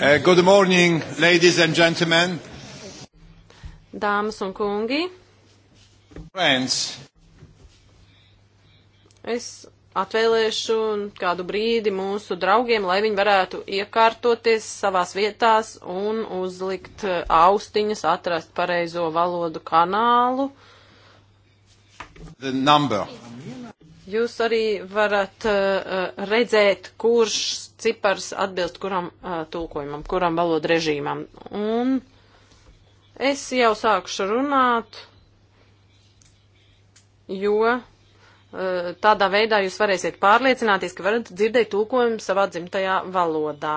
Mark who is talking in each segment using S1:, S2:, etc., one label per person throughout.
S1: Uh, good morning, ladies and gentlemen.
S2: Dāmas un kungi. Friends. Es atvēlēšu kādu brīdi mūsu draugiem, lai viņi varētu iekārtoties savās vietās un uzlikt uh, austiņas, atrast pareizo valodu kanālu.
S1: The number.
S2: Jūs arī varat uh, uh redzēt, kurš cipars atbilst kuram uh, tulkojumam, kuram valod režīmam. Un es jau sākušu runāt, jo uh, tādā veidā jūs varēsiet pārliecināties, ka varat dzirdēt tulkojumu savā dzimtajā valodā.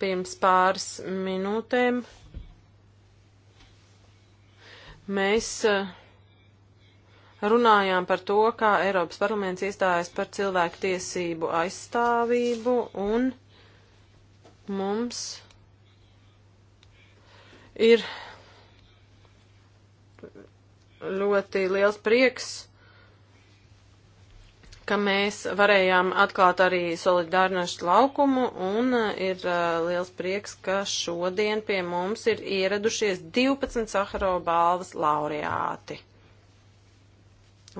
S2: Pirms pāris minūtēm mēs uh, runājām par to, kā Eiropas parlaments iestājas par cilvēku tiesību aizstāvību un mums ir ļoti liels prieks, ka mēs varējām atklāt arī solidārnošu laukumu un ir uh, liels prieks, ka šodien pie mums ir ieradušies 12 Saharo balvas laureāti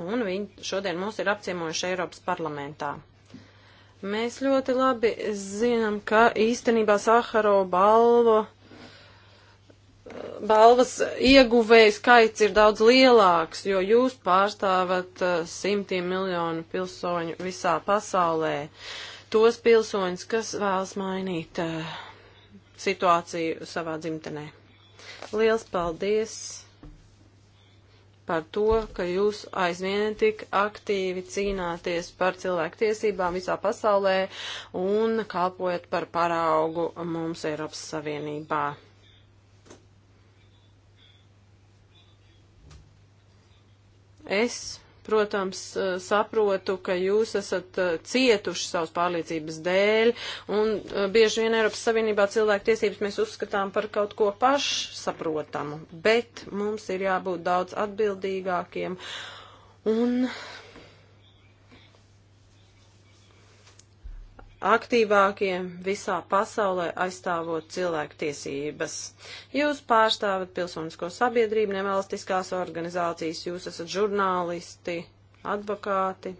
S2: un viņi šodien mūs ir apciemojuši Eiropas parlamentā. Mēs ļoti labi zinām, ka īstenībā Saharo balvu balvas ieguvēju skaits ir daudz lielāks, jo jūs pārstāvat eh, simtiem miljonu pilsoņu visā pasaulē. Tos pilsoņus, kas vēlas mainīt eh, situāciju savā dzimtenē. Liels paldies! par to, ka jūs aizvien tik aktīvi cīnāties par cilvēku tiesībām visā pasaulē un kalpojat par paraugu mums Eiropas Savienībā. Es Protams, eh, saprotu, ka jūs esat eh, cietuši savas pārliecības dēļ, un eh, bieži vien Eiropas Savienībā cilvēku tiesības mēs uzskatām par kaut ko pašsaprotamu, bet mums ir jābūt daudz atbildīgākiem un aktīvākie visā pasaulē aizstāvot cilvēku tiesības. Jūs pārstāvat pilsonisko sabiedrību, nevalstiskās organizācijas, jūs esat žurnālisti, advokāti.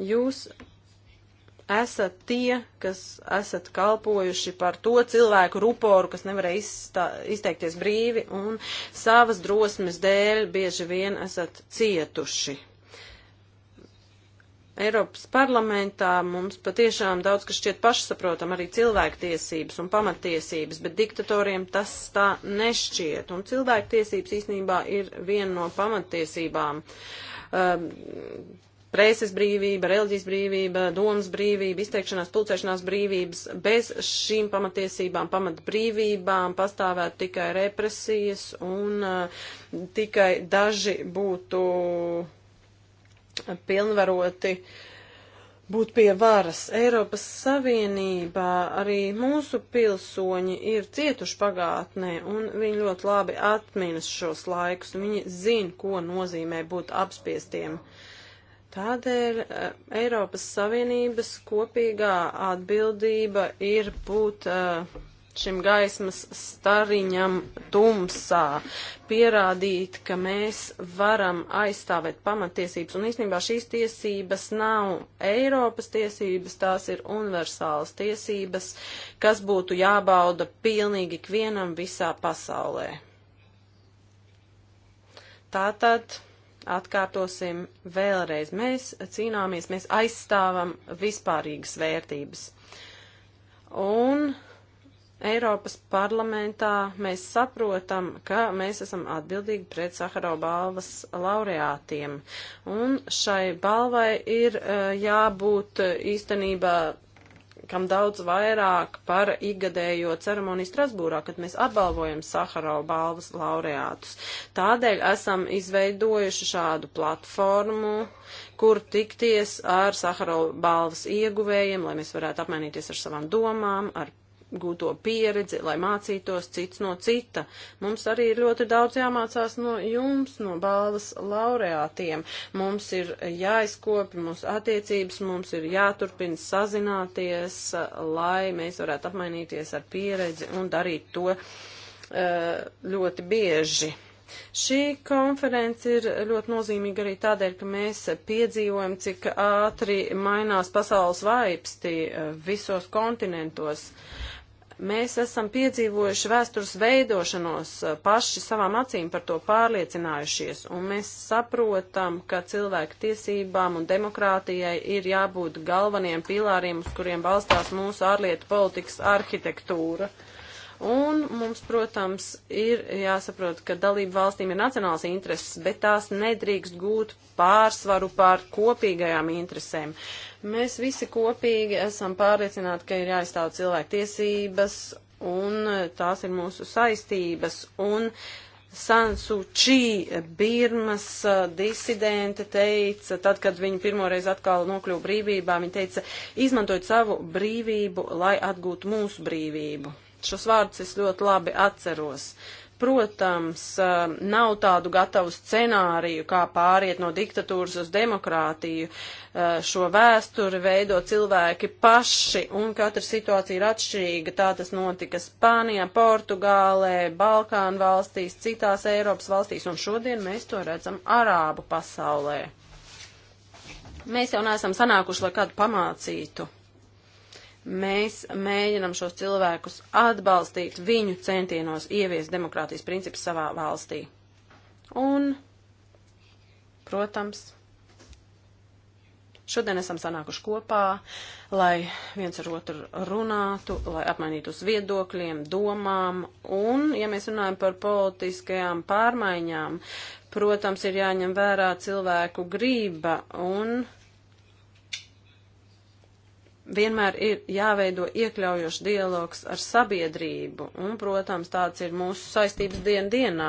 S2: Jūs esat tie, kas esat kalpojuši par to cilvēku ruporu, kas nevarēja izstā, izteikties brīvi un savas drosmes dēļ bieži vien esat cietuši. Eiropas parlamentā mums patiešām daudz kas šķiet pašsaprotam, arī cilvēktiesības un pamatiesības, bet diktatoriem tas tā nešķiet. Un cilvēktiesības īstenībā ir viena no pamatiesībām. Um, preses brīvība, reliģijas brīvība, domas brīvība, izteikšanās, pulcēšanās brīvības. Bez šīm pamatiesībām, pamatbrīvībām pastāvētu tikai represijas un uh, tikai daži būtu pilnvaroti būt pie varas. Eiropas Savienībā arī mūsu pilsoņi ir cietuši pagātnē, un viņi ļoti labi atminas šos laikus, un viņi zina, ko nozīmē būt apspiestiem. Tādēļ eh, Eiropas Savienības kopīgā atbildība ir būt uh, šim gaismas stariņam tumsā, pierādīt, ka mēs varam aizstāvēt pamatiesības. Un īstenībā šīs tiesības nav Eiropas tiesības, tās ir universālas tiesības, kas būtu jābauda pilnīgi ikvienam visā pasaulē. Tātad atkārtosim vēlreiz. Mēs cīnāmies, mēs aizstāvam vispārīgas vērtības. Un Eiropas parlamentā mēs saprotam, ka mēs esam atbildīgi pret Saharau balvas laureātiem. Un šai balvai ir e, jābūt īstenībā kam daudz vairāk par igadējo ceremoniju Strasbūrā, kad mēs apbalvojam Saharau balvas laureātus. Tādēļ esam izveidojuši šādu platformu, kur tikties ar Saharau balvas ieguvējiem, lai mēs varētu apmainīties ar savām domām, ar gūto pieredzi, lai mācītos cits no cita. Mums arī ir ļoti daudz jāmācās no jums, no balvas laureātiem. Mums ir jāizkopja mūsu attiecības, mums ir jāturpina sazināties, lai mēs varētu apmainīties ar pieredzi un darīt to eh, ļoti bieži. Šī konference ir ļoti nozīmīga arī tādēļ, ka mēs piedzīvojam, cik ātri mainās pasaules vaipsti eh, visos kontinentos. Mēs esam piedzīvojuši vēstures veidošanos, eh, paši savām acīm par to pārliecinājušies, un mēs saprotam, ka cilvēku tiesībām un demokrātijai ir jābūt galveniem pilāriem, uz kuriem balstās mūsu ārlietu politikas arhitektūra. Uh, Un mums, protams, ir jāsaprot, ka dalību valstīm ir nacionāls intereses, bet tās nedrīkst gūt pārsvaru pār kopīgajām interesēm. Mēs visi kopīgi esam pārliecināti, ka ir jāizstāv cilvēktiesības un tās ir mūsu saistības. Un Sansu Čī, Birmas uh, disidente, teica, tad, kad viņa pirmoreiz atkal nokļuva brīvībā, viņa teica, izmantojot savu brīvību, lai atgūtu mūsu brīvību. Šos vārdus es ļoti labi atceros. Protams, nav tādu gatavu scenāriju, kā pāriet no diktatūras uz demokrātiju. Šo vēsturi veido cilvēki paši, un katra situācija ir atšķirīga. Tā tas notika Spānijā, Portugālē, Balkānu valstīs, citās Eiropas valstīs, un šodien mēs to redzam Arābu pasaulē. Mēs jau neesam sanākuši, lai kādu pamācītu. Mēs mēģinam šos cilvēkus atbalstīt viņu centienos ieviest demokrātijas principus savā valstī. Un, protams, Šodien esam sanākuši kopā, lai viens ar otru runātu, lai apmainītos viedokļiem, domām, un, ja mēs runājam par politiskajām pārmaiņām, protams, ir jāņem vērā cilvēku grība, un vienmēr ir jāveido iekļaujošs dialogs ar sabiedrību, un, protams, tāds ir mūsu saistības dien dienā.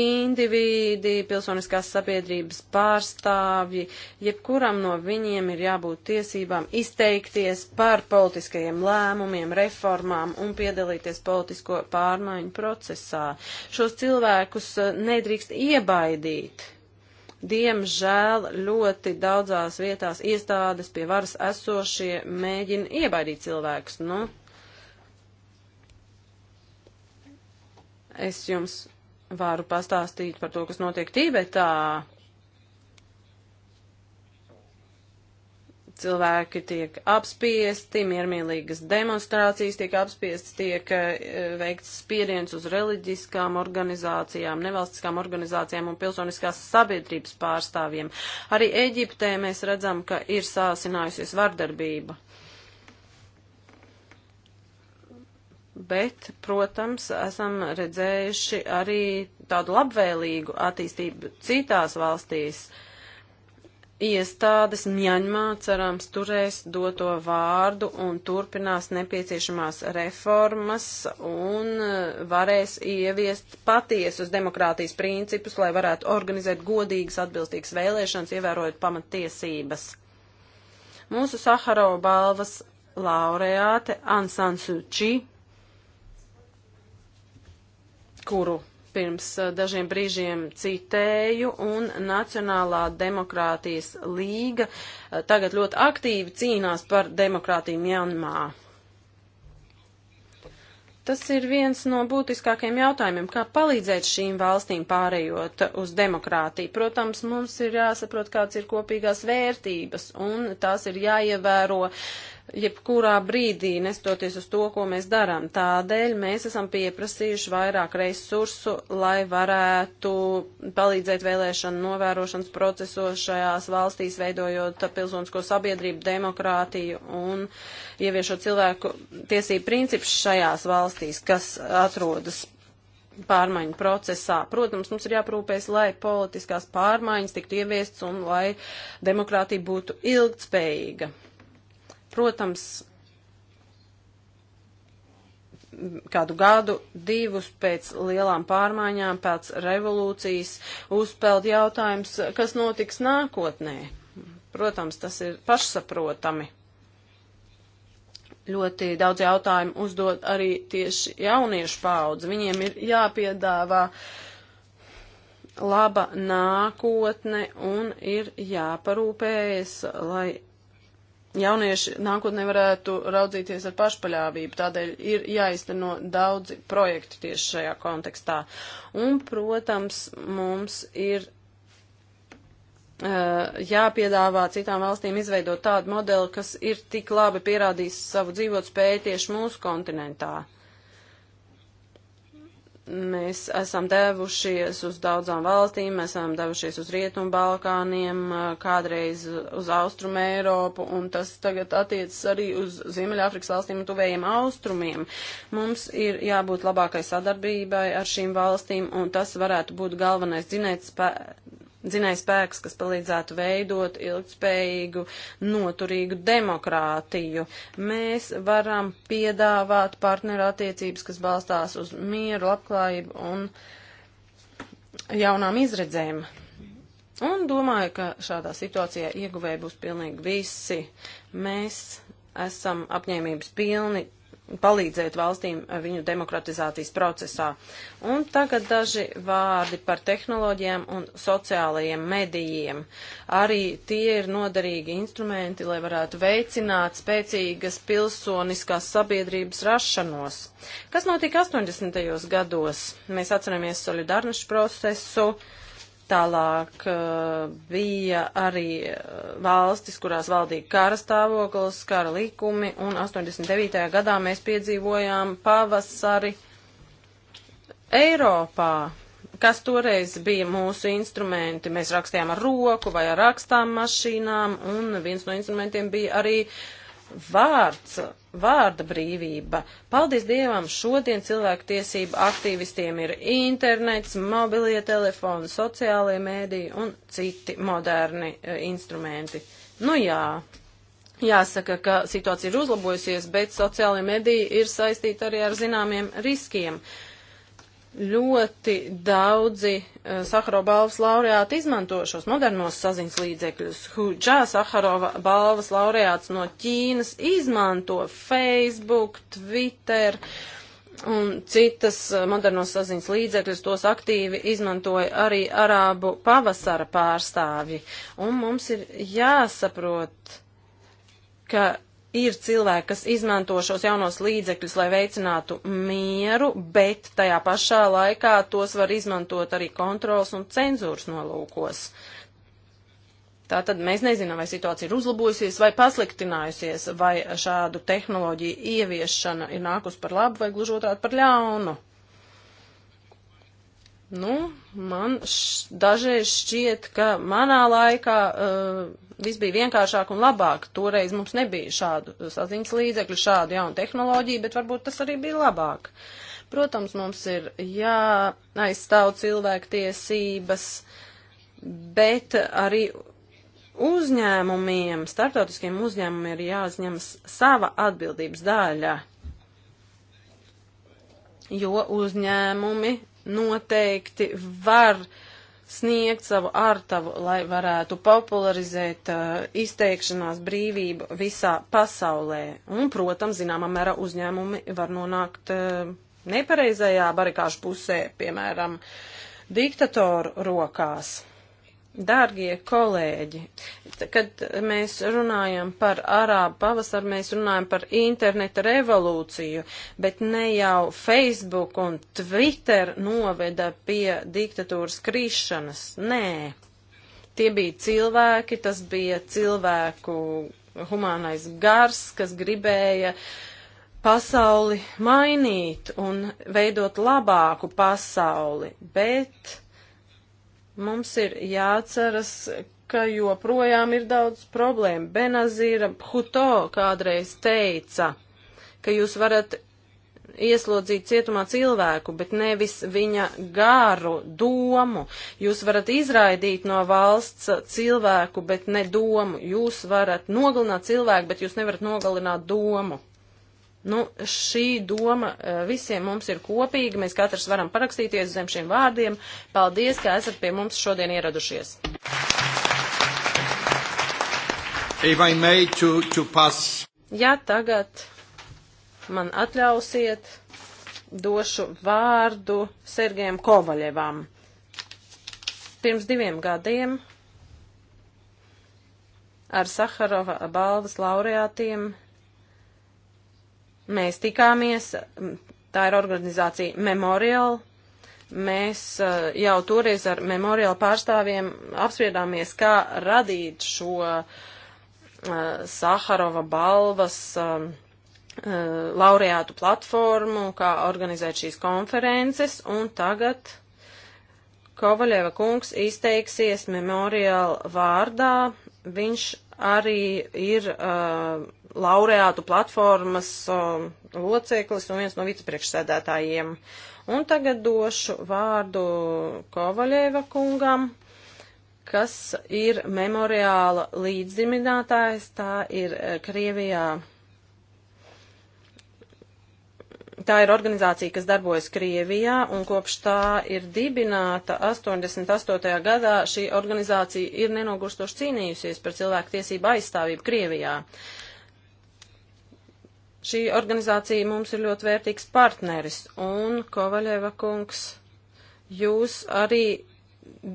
S2: Indivīdi, pilsoniskās sabiedrības pārstāvji, jebkuram no viņiem ir jābūt tiesībām izteikties par politiskajiem lēmumiem, reformām un piedalīties politisko pārmaiņu procesā. Šos cilvēkus eh, nedrīkst iebaidīt Diemžēl ļoti daudzās vietās iestādes pie varas esošie mēģina iebaidīt cilvēkus. Nu, es jums varu pastāstīt par to, kas notiek Tībetā. cilvēki tiek apspiesti, miermīlīgas demonstrācijas tiek apspiestas, tiek e, veikts spiediens uz reliģiskām organizācijām, nevalstiskām organizācijām un pilsoniskās sabiedrības pārstāvjiem. Arī Eģiptē mēs redzam, ka ir sāsinājusies vardarbība. Bet, protams, esam redzējuši arī tādu labvēlīgu attīstību citās valstīs. Uh, iestādes Mjaņmā cerams turēs doto vārdu un turpinās nepieciešamās reformas un eh, varēs ieviest patiesus demokrātijas principus, lai varētu organizēt godīgas atbilstīgas vēlēšanas, ievērojot pamatiesības. Mūsu Saharova balvas laureāte Ansan Suči, kuru pirms eh, dažiem brīžiem citēju, un Nacionālā demokrātijas līga eh, tagad ļoti aktīvi cīnās par demokrātiju Mjanmā. Tas ir viens no būtiskākajiem jautājumiem, kā palīdzēt šīm valstīm pārējot uz demokrātiju. Protams, mums ir jāsaprot, kāds ir kopīgās vērtības, un tās ir jāievēro uh, jebkurā brīdī, nestoties uz to, ko mēs darām. Tādēļ mēs esam pieprasījuši vairāk resursu, lai varētu palīdzēt vēlēšanu novērošanas procesos šajās valstīs, veidojot pilsonisko sabiedrību, demokrātiju un ieviešot cilvēku tiesību principus šajās valstīs, kas atrodas pārmaiņu procesā. Protams, mums ir jāprūpēs, lai politiskās pārmaiņas tiktu ieviestas un lai demokrātija būtu ilgtspējīga. Protams, kādu gadu, divus pēc lielām pārmaiņām, pēc revolūcijas, uzpeld jautājums, kas notiks nākotnē. Protams, tas ir pašsaprotami. Ļoti daudz jautājumu uzdod arī tieši jauniešu paudze. Viņiem ir jāpiedāvā laba nākotne un ir jāparūpējas, lai jaunieši nākotnē varētu raudzīties ar pašpaļāvību, tādēļ ir jāizteno daudzi projekti tieši šajā kontekstā. Un, protams, mums ir uh, jāpiedāvā citām valstīm izveidot tādu modeli, kas ir tik labi pierādījis savu dzīvot spēju tieši mūsu kontinentā. Mēs esam devušies uz daudzām valstīm, mēs esam devušies uz Rietumu Balkāniem, kādreiz uz Austrumu Eiropu, un tas tagad attiecas arī uz Ziemeļāfrikas valstīm un tuvējiem austrumiem. Mums ir jābūt labākai sadarbībai ar šīm valstīm, un tas varētu būt galvenais dzinējs spēks dzinējs spēks, kas palīdzētu veidot ilgspējīgu, noturīgu demokrātiju. Mēs varam piedāvāt partneru attiecības, kas balstās uz mieru, labklājību un jaunām izredzēm. Un domāju, ka šādā situācijā ieguvēji būs pilnīgi visi. Mēs esam apņēmības pilni palīdzēt valstīm viņu demokratizācijas procesā. Un tagad daži vārdi par tehnoloģijām un sociālajiem medijiem. Arī tie ir noderīgi instrumenti, lai varētu veicināt spēcīgas pilsoniskās sabiedrības rašanos. Kas notika 80. gados? Mēs atceramies solidarnošu procesu. Uh, Tālāk eh, bija arī eh, valstis, kurās valdīja kara stāvoklis, kara likumi, un 89. gadā mēs piedzīvojām pavasari Eiropā. Kas toreiz bija mūsu instrumenti? Mēs rakstījām ar roku vai ar rakstām mašīnām, un viens no instrumentiem bija arī uh, vārds, vārda brīvība. Paldies Dievam, šodien cilvēku tiesību aktīvistiem ir internets, mobilie telefoni, sociālie mēdīji un citi moderni e, instrumenti. Nu jā, jāsaka, ka situācija ir uzlabojusies, bet sociālie mēdīji ir saistīti arī ar zināmiem riskiem. Uh, ļoti daudzi uh, eh, Saharova balvas laureāti izmanto šos modernos saziņas līdzekļus. Huģā Saharova balvas laureāts no Ķīnas izmanto Facebook, Twitter un citas eh, modernos saziņas līdzekļus. Tos aktīvi izmantoja arī arābu pavasara pārstāvji. Un mums ir jāsaprot, ka ir cilvēki, kas izmanto šos jaunos līdzekļus, lai veicinātu mieru, bet tajā pašā laikā tos var izmantot arī kontrols un cenzūras nolūkos. Tātad mēs nezinām, vai situācija ir uzlabojusies vai pasliktinājusies, vai šādu tehnoloģiju ieviešana ir nākus par labu vai gluži otrādi par ļaunu. Nu, man š, dažreiz šķiet, ka manā laikā uh, viss bija vienkāršāk un labāk. Toreiz mums nebija šādu saziņas līdzekļu, šādu jaunu tehnoloģiju, bet varbūt tas arī bija labāk. Protams, mums ir jāaizstāv cilvēktiesības, bet arī uzņēmumiem, startautiskiem uzņēmumiem ir jāuzņemas sava atbildības daļa, jo uzņēmumi noteikti var uh, sniegt savu ārtavu, lai varētu popularizēt uh, izteikšanās brīvību visā pasaulē. Un, protams, zināmā mērā uzņēmumi var nonākt uh, nepareizajā barikāšu pusē, piemēram, diktatoru rokās. Dārgie kolēģi, kad mēs runājam par arābu pavasaru, mēs runājam par interneta revolūciju, bet ne jau Facebook un Twitter noveda pie diktatūras krišanas. Nē, tie bija cilvēki, tas bija cilvēku humānais gars, kas gribēja pasauli mainīt un veidot labāku pasauli, bet Mums ir jāatceras, ka joprojām ir daudz problēmu. Benazīra Huto kādreiz teica, ka jūs varat ieslodzīt cietumā cilvēku, bet nevis viņa gāru domu. Jūs varat izraidīt no valsts cilvēku, bet ne domu. Jūs varat nogalināt cilvēku, bet jūs nevarat nogalināt domu. Nu, šī doma eh, visiem mums ir kopīga, mēs katrs varam parakstīties zem šiem vārdiem. Paldies, ka esat pie mums šodien ieradušies.
S1: To, to pass.
S2: ja tagad man atļausiet, došu vārdu Sergejam Kovaļevam. Pirms diviem gadiem ar Saharova balvas laureātiem Mēs tikāmies, tā ir organizācija Memorial. Mēs uh, jau toreiz ar Memorial pārstāvjiem apspriedāmies, kā radīt šo uh, Saharova balvas um, uh, laureātu platformu, kā organizēt šīs konferences, un tagad Kovaļeva kungs izteiksies memoriāla vārdā. Viņš arī ir uh, laureātu platformas um, loceklis un viens no vicepriekšsēdētājiem. Un tagad došu vārdu Kovaļeva kungam, kas ir memoriāla līdzziminātājs. Tā ir eh, Krievijā. Tā ir organizācija, kas darbojas Krievijā, un kopš tā ir dibināta 88. gadā šī organizācija ir nenogurstoši cīnījusies par cilvēku tiesību aizstāvību Krievijā. Uh, Šī organizācija mums ir ļoti vērtīgs partneris, un Kovaļeva kungs, jūs arī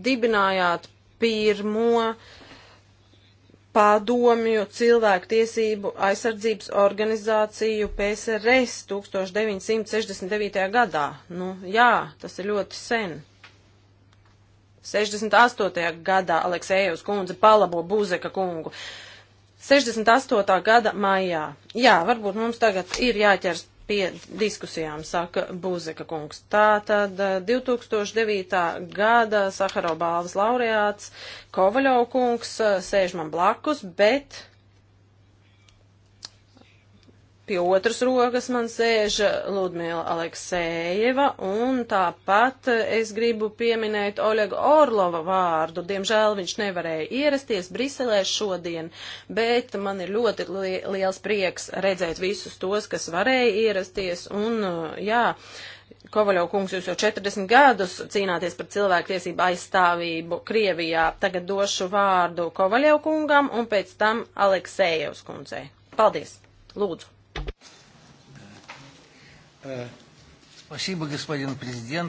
S2: dibinājāt pirmo padomju cilvēku tiesību aizsardzības organizāciju PSRS 1969. gadā. Nu, jā, tas ir ļoti sen. 68. gadā Aleksējevs kundze palabo Buzeka kungu. Uh, 68. gada maijā. Jā, varbūt mums tagad ir jāķers pie diskusijām, saka Buzeka kungs. Tātad 2009. Eh, gada Saharo balvas laureāts Kovaļov kungs eh, sēž man blakus, bet Pie otras rokas man sēž Ludmila Aleksējeva, un tāpat es gribu pieminēt Oļega Orlova vārdu. Diemžēl viņš nevarēja ierasties Briselē šodien, bet man ir ļoti li liels prieks redzēt visus tos, kas varēja ierasties, un jā, Kovaļov kungs, jūs jau 40 gadus cīnāties par cilvēktiesību aizstāvību Krievijā. Tagad došu vārdu Kovaļov kungam un pēc tam Aleksējevs kundzei. Paldies! Lūdzu! Paldies, priekšsēdētāji,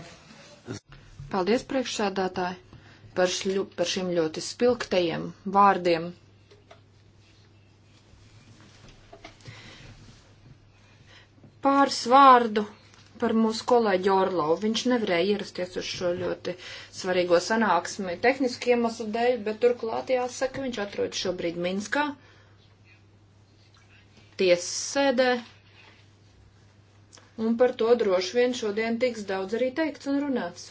S3: par, šļu, par šiem ļoti spilgtajiem vārdiem. Pāris vārdu par mūsu kolēģi Orlovu. Viņš nevarēja ierasties uz šo ļoti svarīgo sanāksmi tehniski iemeslu dēļ, bet turklāt jāsaka, viņš atrodas šobrīd Minskā. Uh, tiesas sēdē. Un par to droši vien šodien tiks daudz arī teikts un runāts.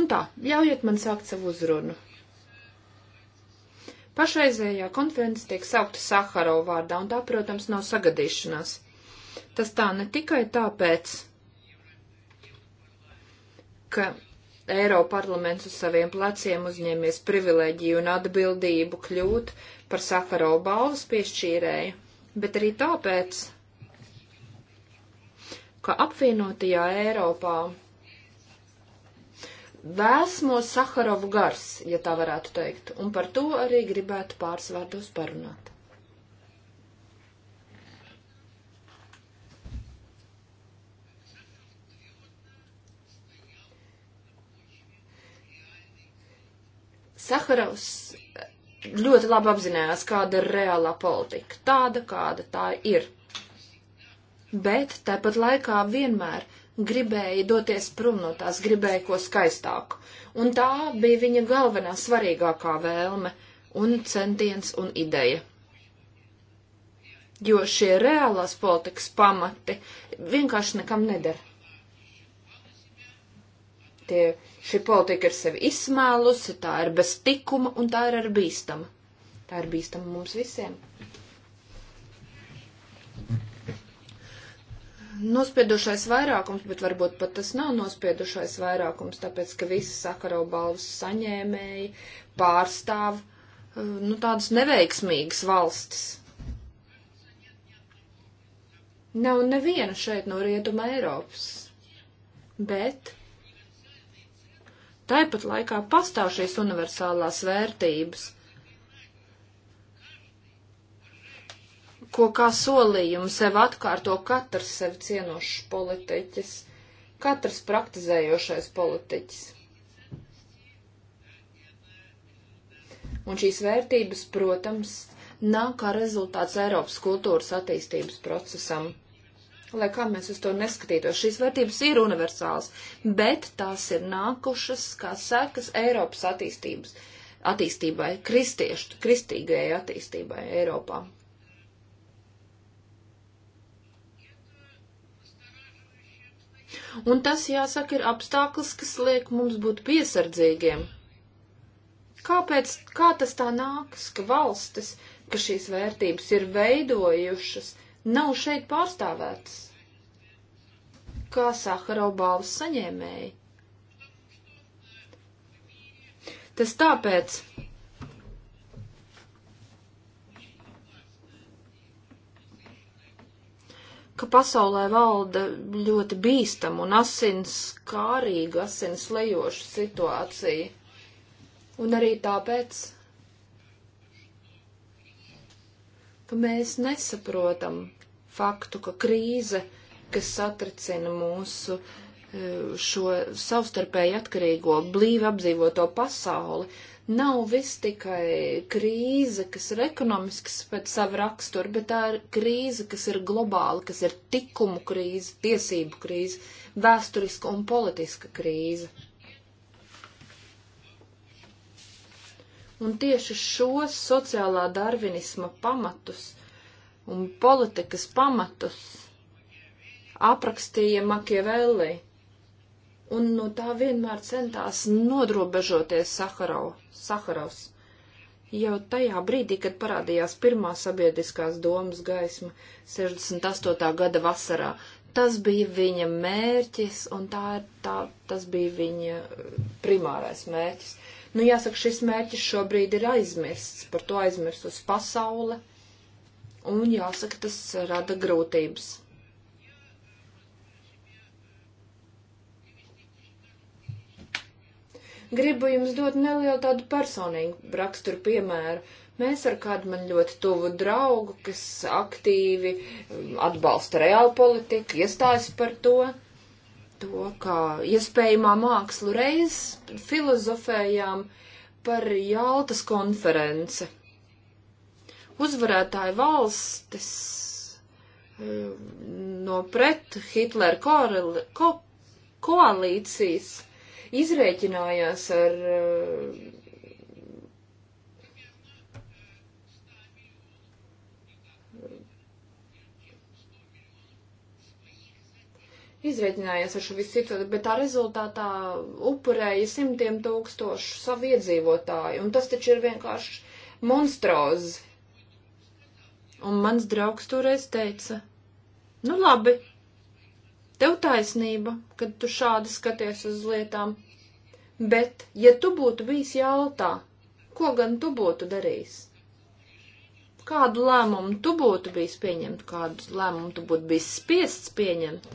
S3: Un tā, ļaujiet man sākt savu uzrunu. Pašreizējā konference tiek saukta Saharova vārdā, un tā, protams, nav sagadīšanās. Tas tā ne tikai tāpēc, ka Eiropa parlaments uz saviem pleciem uzņēmies privileģiju un atbildību kļūt par Sakaro balvas piešķīrēju, bet arī tāpēc, ka apvienotajā Eiropā vēsmo Sakarovu gars, ja tā varētu teikt, un par to arī gribētu pāris vārdos parunāt. Sakarovs ļoti labi apzinājās, kāda ir reālā politika, tāda, kāda tā ir. Bet tāpat laikā vienmēr gribēja doties prom no tās, gribēja ko skaistāku. Un tā bija viņa galvenā svarīgākā vēlme un centiens un ideja jo šie reālās politikas pamati vienkārši nekam neder. Tie, šī politika ir sevi izsmēlusi, tā ir bez tikuma un tā ir ar bīstama. Tā ir bīstama mums visiem. Nospiedušais vairākums, bet varbūt pat tas nav nospiedušais vairākums, tāpēc, ka visi Sakarau balvas saņēmēji pārstāv eh, nu, tādas neveiksmīgas valstis. Nav neviena šeit no Rietuma Eiropas, bet Tāpat laikā pastāv šīs universālās vērtības, ko kā solījumu sev atkārto katrs sevi cienošs politiķis, katrs praktizējošais politiķis. Un šīs vērtības, protams, nāk kā rezultāts Eiropas kultūras attīstības procesam lai kā mēs uz to neskatītos, šīs vērtības ir universālas, bet tās ir nākušas kā sekas Eiropas attīstības, attīstībai, kristiešu, kristīgajai attīstībai Eiropā. Un tas, jāsaka, ir apstākļus, kas liek mums būt piesardzīgiem. Kāpēc, kā tas tā nākas, ka valstis, ka šīs vērtības ir veidojušas, uh, nav šeit pārstāvētas, kā Saharau balvas saņēmēji. Tas tāpēc, ka pasaulē valda ļoti bīstama un asins kārīga, asins lejoša situācija. Un arī tāpēc, ka mēs nesaprotam faktu, ka krīze, kas satricina mūsu e, šo savstarpēji atkarīgo, blīvi apdzīvoto pasauli, nav viss tikai krīze, kas ir ekonomisks pēc sava rakstura, bet tā ir krīze, kas ir globāla, kas ir tikumu krīze, tiesību krīze, vēsturiska un politiska krīze. Un tieši šos sociālā darvinisma pamatus un politikas pamatus aprakstīja Makievelli. Un no tā vienmēr centās nodrobežoties Saharau, Saharovs. Jau tajā brīdī, kad parādījās pirmā sabiedriskās domas gaisma 68. gada vasarā, tas bija viņa mērķis un tā, tā, tas bija viņa primārais mērķis. Nu, jāsaka, šis mērķis šobrīd ir aizmirsts, par to aizmirsus pasaule, un jāsaka, tas rada grūtības. Gribu jums dot nelielu tādu personīgu raksturu piemēru. Mēs ar kādu man ļoti tuvu draugu, kas aktīvi um, atbalsta reālu politiku, iestājas par to to, kā iespējamā mākslu reiz filozofējām par Jāltas konferenci. Uzvarētāja valstis eh, no pret Hitlera ko koalīcijas izrēķinājās ar uh, izreķinājās ar šo visu citu, bet tā rezultātā upurēja simtiem tūkstošu savu iedzīvotāju, un tas taču ir vienkārši monstrozi. Un mans draugs toreiz teica, nu labi, tev taisnība, kad tu šādi skaties uz lietām, bet, ja tu būtu bijis jautā, ko gan tu būtu darījis? Kādu lēmumu tu būtu bijis pieņemt, kādu lēmumu tu būtu bijis spiests pieņemt?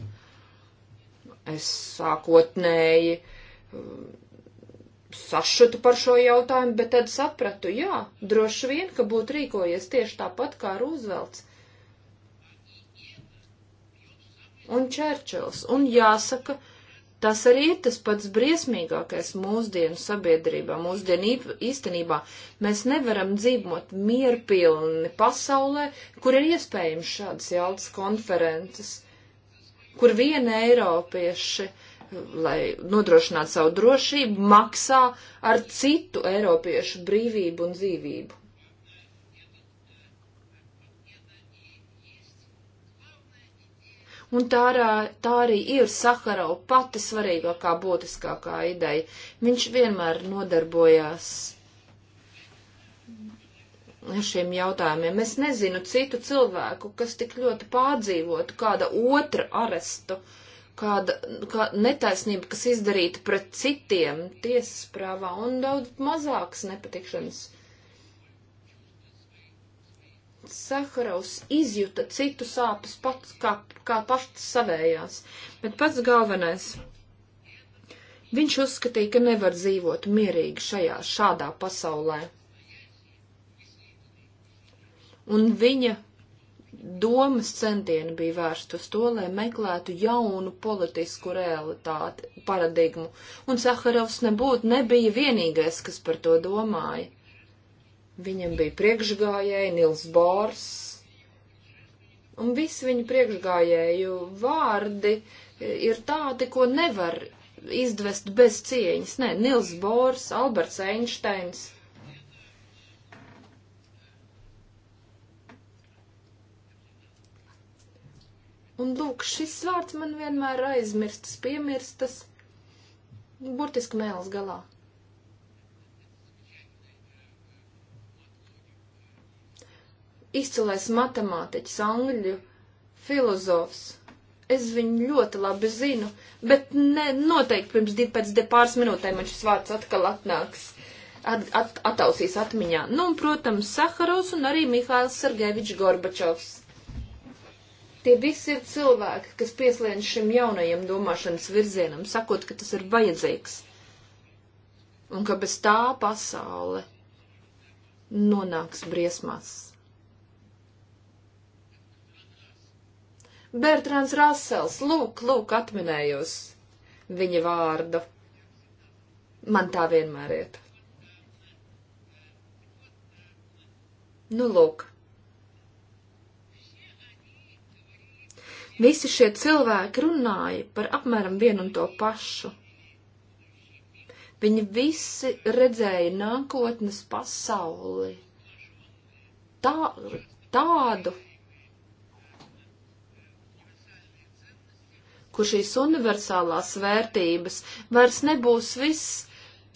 S3: Es sākotnēji um, sašutu par šo jautājumu, bet tad sapratu, jā, droši vien, ka būtu rīkojies tieši tāpat kā Rūzvelts un Čērčils. Un jāsaka, tas arī ir tas pats briesmīgākais mūsdienu sabiedrībā, mūsdienu īstenībā. Mēs nevaram dzīvot mierpilni pasaulē, kur ir iespējams šādas jautas konferences kur viena Eiropieši, lai nodrošinātu savu drošību, maksā ar citu Eiropiešu brīvību un dzīvību. Un tā, arā, tā arī ir Saharau pati svarīgākā, būtiskākā ideja. Viņš vienmēr nodarbojās šiem jautājumiem. Es nezinu citu cilvēku, kas tik ļoti pārdzīvotu kāda otra arestu, kāda kā netaisnība, kas izdarīta pret citiem tiesas prāvā un daudz mazākas nepatikšanas. Sakarovs izjuta citu sāpes pats kā, kā pašas savējās, bet pats galvenais. Viņš uzskatīja, ka nevar dzīvot mierīgi šajā šādā pasaulē un viņa domas centieni bija vērst uz to, lai meklētu jaunu politisku realitāti, paradigmu, un Saharovs nebūtu, nebija vienīgais, kas par to domāja. Viņam bija priekšgājēji Nils Bors, un visi viņu priekšgājēju vārdi ir tādi, ko nevar izdvest bez cieņas. Nē, Nils Bors, Alberts Einsteins, Un lūk, šis vārds man vienmēr aizmirstas, piemirstas, burtiski mēls galā. Izcilais matemātiķis, angļu filozofs. Es viņu ļoti labi zinu, bet ne, noteikti pirms div, pēc de pāris minūtēm man šis vārds atkal atnāks, at, at, atausīs atmiņā. Nu, un, protams, Saharovs un arī Mihails Sergejevičs Gorbačovs Tie visi ir cilvēki, kas pieslēdz šim jaunajam domāšanas virzienam, sakot, ka tas ir vajadzīgs. Un ka bez tā pasaule nonāks briesmās. Bertrāns Rasels, lūk, lūk, atminējos viņa vārdu. Man tā vienmēr iet. Nu, lūk. Visi šie cilvēki runāja par apmēram vienu un to pašu. Viņi visi redzēja nākotnes pasauli. Tā, tādu, kur šīs universālās vērtības vairs nebūs viss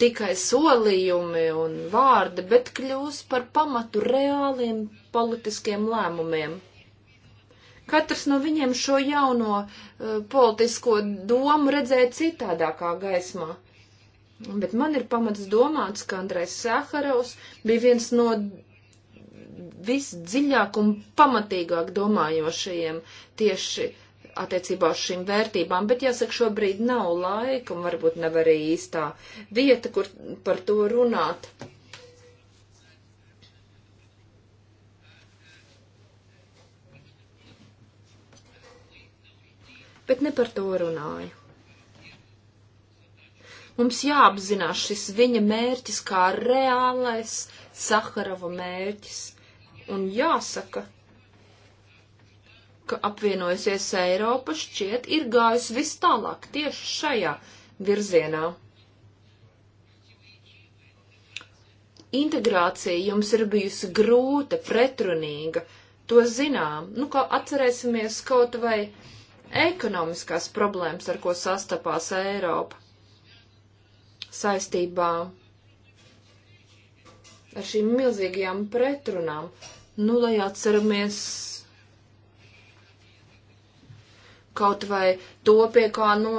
S3: tikai solījumi un vārdi, bet kļūs par pamatu reāliem politiskiem lēmumiem. Katrs no viņiem šo jauno uh, politisko domu redzēja citādākā gaismā. Bet man ir pamats domāt, ka Andrēs Sāharovs bija viens no visdziļāk un pamatīgāk domājošajiem tieši attiecībā uz šīm vērtībām, bet jāsaka, šobrīd nav laika un varbūt nav arī īstā vieta, kur par to runāt. bet ne par to runāju. Mums jāapzinās šis viņa mērķis kā reālais Saharova mērķis. Un jāsaka, ka apvienojusies Eiropa šķiet ir gājusi vis tālāk tieši šajā virzienā. Integrācija jums ir bijusi grūta, pretrunīga, to zinām. Nu, kā atcerēsimies kaut vai uh, ekonomiskās problēmas, ar ko sastapās Eiropa saistībā ar šīm milzīgajām pretrunām. Nu, lai atceramies kaut vai to, pie kā, no,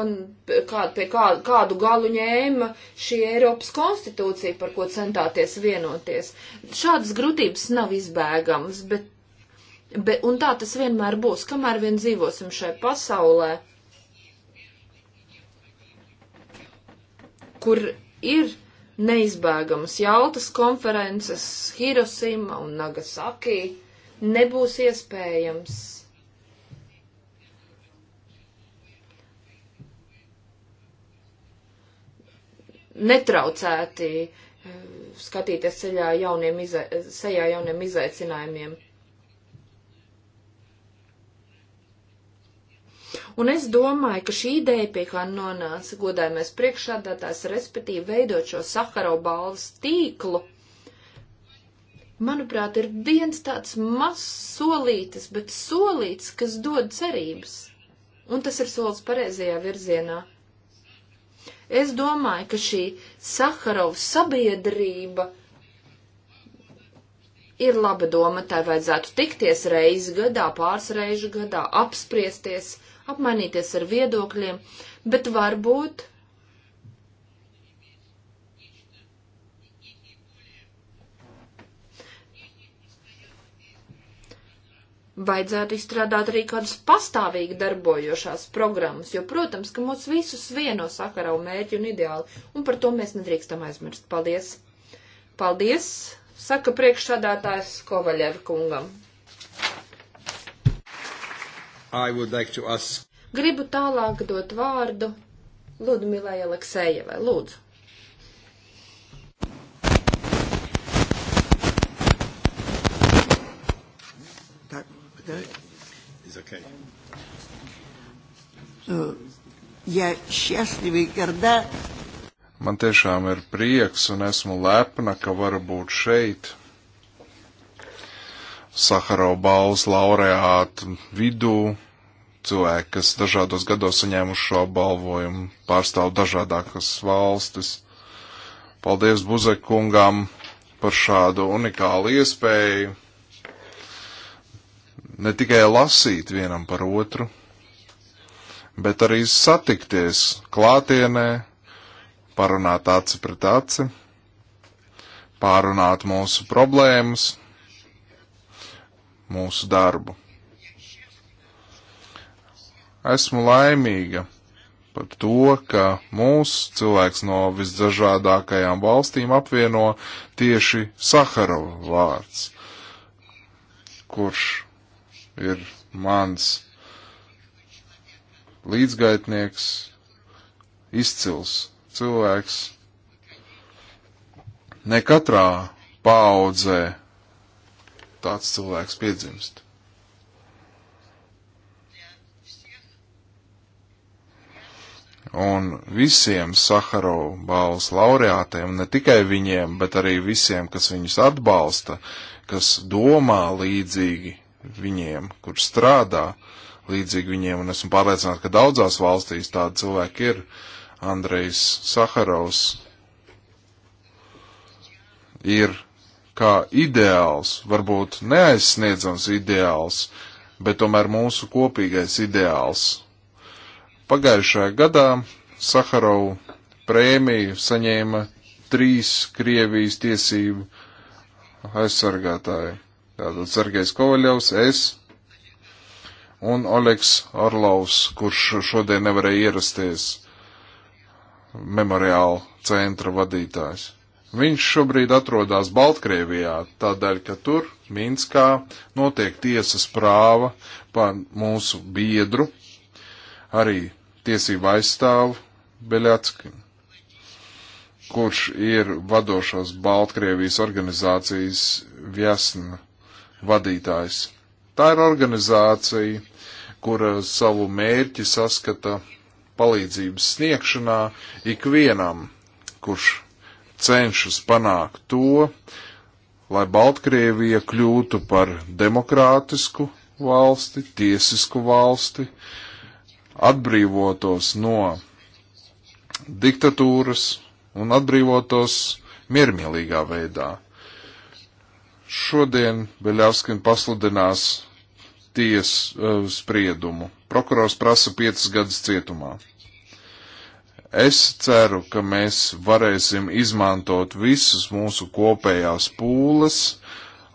S3: kā, pie kā, kādu galu ņēma šī Eiropas konstitūcija, par ko centāties vienoties. Šādas grūtības nav izbēgamas, bet Be, un tā tas vienmēr būs, kamēr vien dzīvosim šai pasaulē, kur ir neizbēgamas jautas konferences Hirosima un Nagasaki, nebūs iespējams. Netraucēti eh, skatīties ceļā jauniem, izai, jauniem izaicinājumiem. Un es domāju, ka šī ideja, pie kā nonāca godājumies priekšādātājs, respektīvi veidot šo Sakaro balvas tīklu, manuprāt, ir viens tāds mazs solītis, bet solīts, kas dod cerības. Un tas ir solis pareizajā virzienā. Es domāju, ka šī Saharovs sabiedrība ir laba doma, tai vajadzētu tikties reizi gadā, pāris reižu gadā, apspriesties, apmainīties ar viedokļiem, bet varbūt vajadzētu izstrādāt arī kādas pastāvīgi darbojošās programmas, jo, protams, ka mūs visus vieno sakarā un mērķi un ideāli, un par to mēs nedrīkstam aizmirst. Paldies! Paldies! Saka priekšsādātājs Kovaļev kungam
S1: like ask...
S3: Gribu tālāk dot vārdu Ludmilai Aleksejevai. Lūdzu. Так, да. Is okay.
S1: Uh, я счастлива и горда. Man tiešām ir prieks un esmu lepna, ka varu būt šeit Sakaro balvas laureātu vidū, cilvēki, kas dažādos gados saņēmuši šo balvojumu, pārstāv dažādākas valstis. Paldies Buzekungam par šādu unikālu iespēju ne tikai lasīt vienam par otru, bet arī satikties klātienē, parunāt aci pret aci, pārunāt mūsu problēmas mūsu darbu. Esmu laimīga par to, ka mūsu cilvēks no visdažādākajām valstīm apvieno tieši Saharova vārds, kurš ir mans līdzgaitnieks, izcils cilvēks. Ne katrā paudzē tāds cilvēks piedzimst. Un visiem Saharovu balvas laureātiem, ne tikai viņiem, bet arī visiem, kas viņus atbalsta, kas domā līdzīgi viņiem, kur strādā līdzīgi viņiem, un esmu pārliecināts, ka daudzās valstīs tādi cilvēki ir. Andrejs Saharovs ir kā ideāls, varbūt neaizsniedzams ideāls, bet tomēr mūsu kopīgais ideāls. Pagājušajā gadā Saharovu prēmiju saņēma trīs Krievijas tiesību aizsargātāji. Tātad Sergejs Kovaļovs, es un Oleks Orlovs, kurš šodien nevarēja ierasties memoriāla centra vadītājs. Viņš šobrīd atrodas Baltkrievijā, tādēļ, ka tur, Minskā, notiek tiesas prāva par mūsu biedru, arī tiesību aizstāvu Beļatski, kurš ir vadošos Baltkrievijas organizācijas viesna vadītājs. Tā ir organizācija, kura savu mērķi saskata palīdzības sniegšanā ikvienam, kurš cenšas panākt to, lai Baltkrievija kļūtu par demokrātisku valsti, tiesisku valsti, atbrīvotos no diktatūras un atbrīvotos miermīlīgā veidā. Šodien Beļavskin pasludinās ties uh, spriedumu. Prokurors prasa piecas gadus cietumā. Es ceru, ka mēs varēsim izmantot visas mūsu kopējās pūles,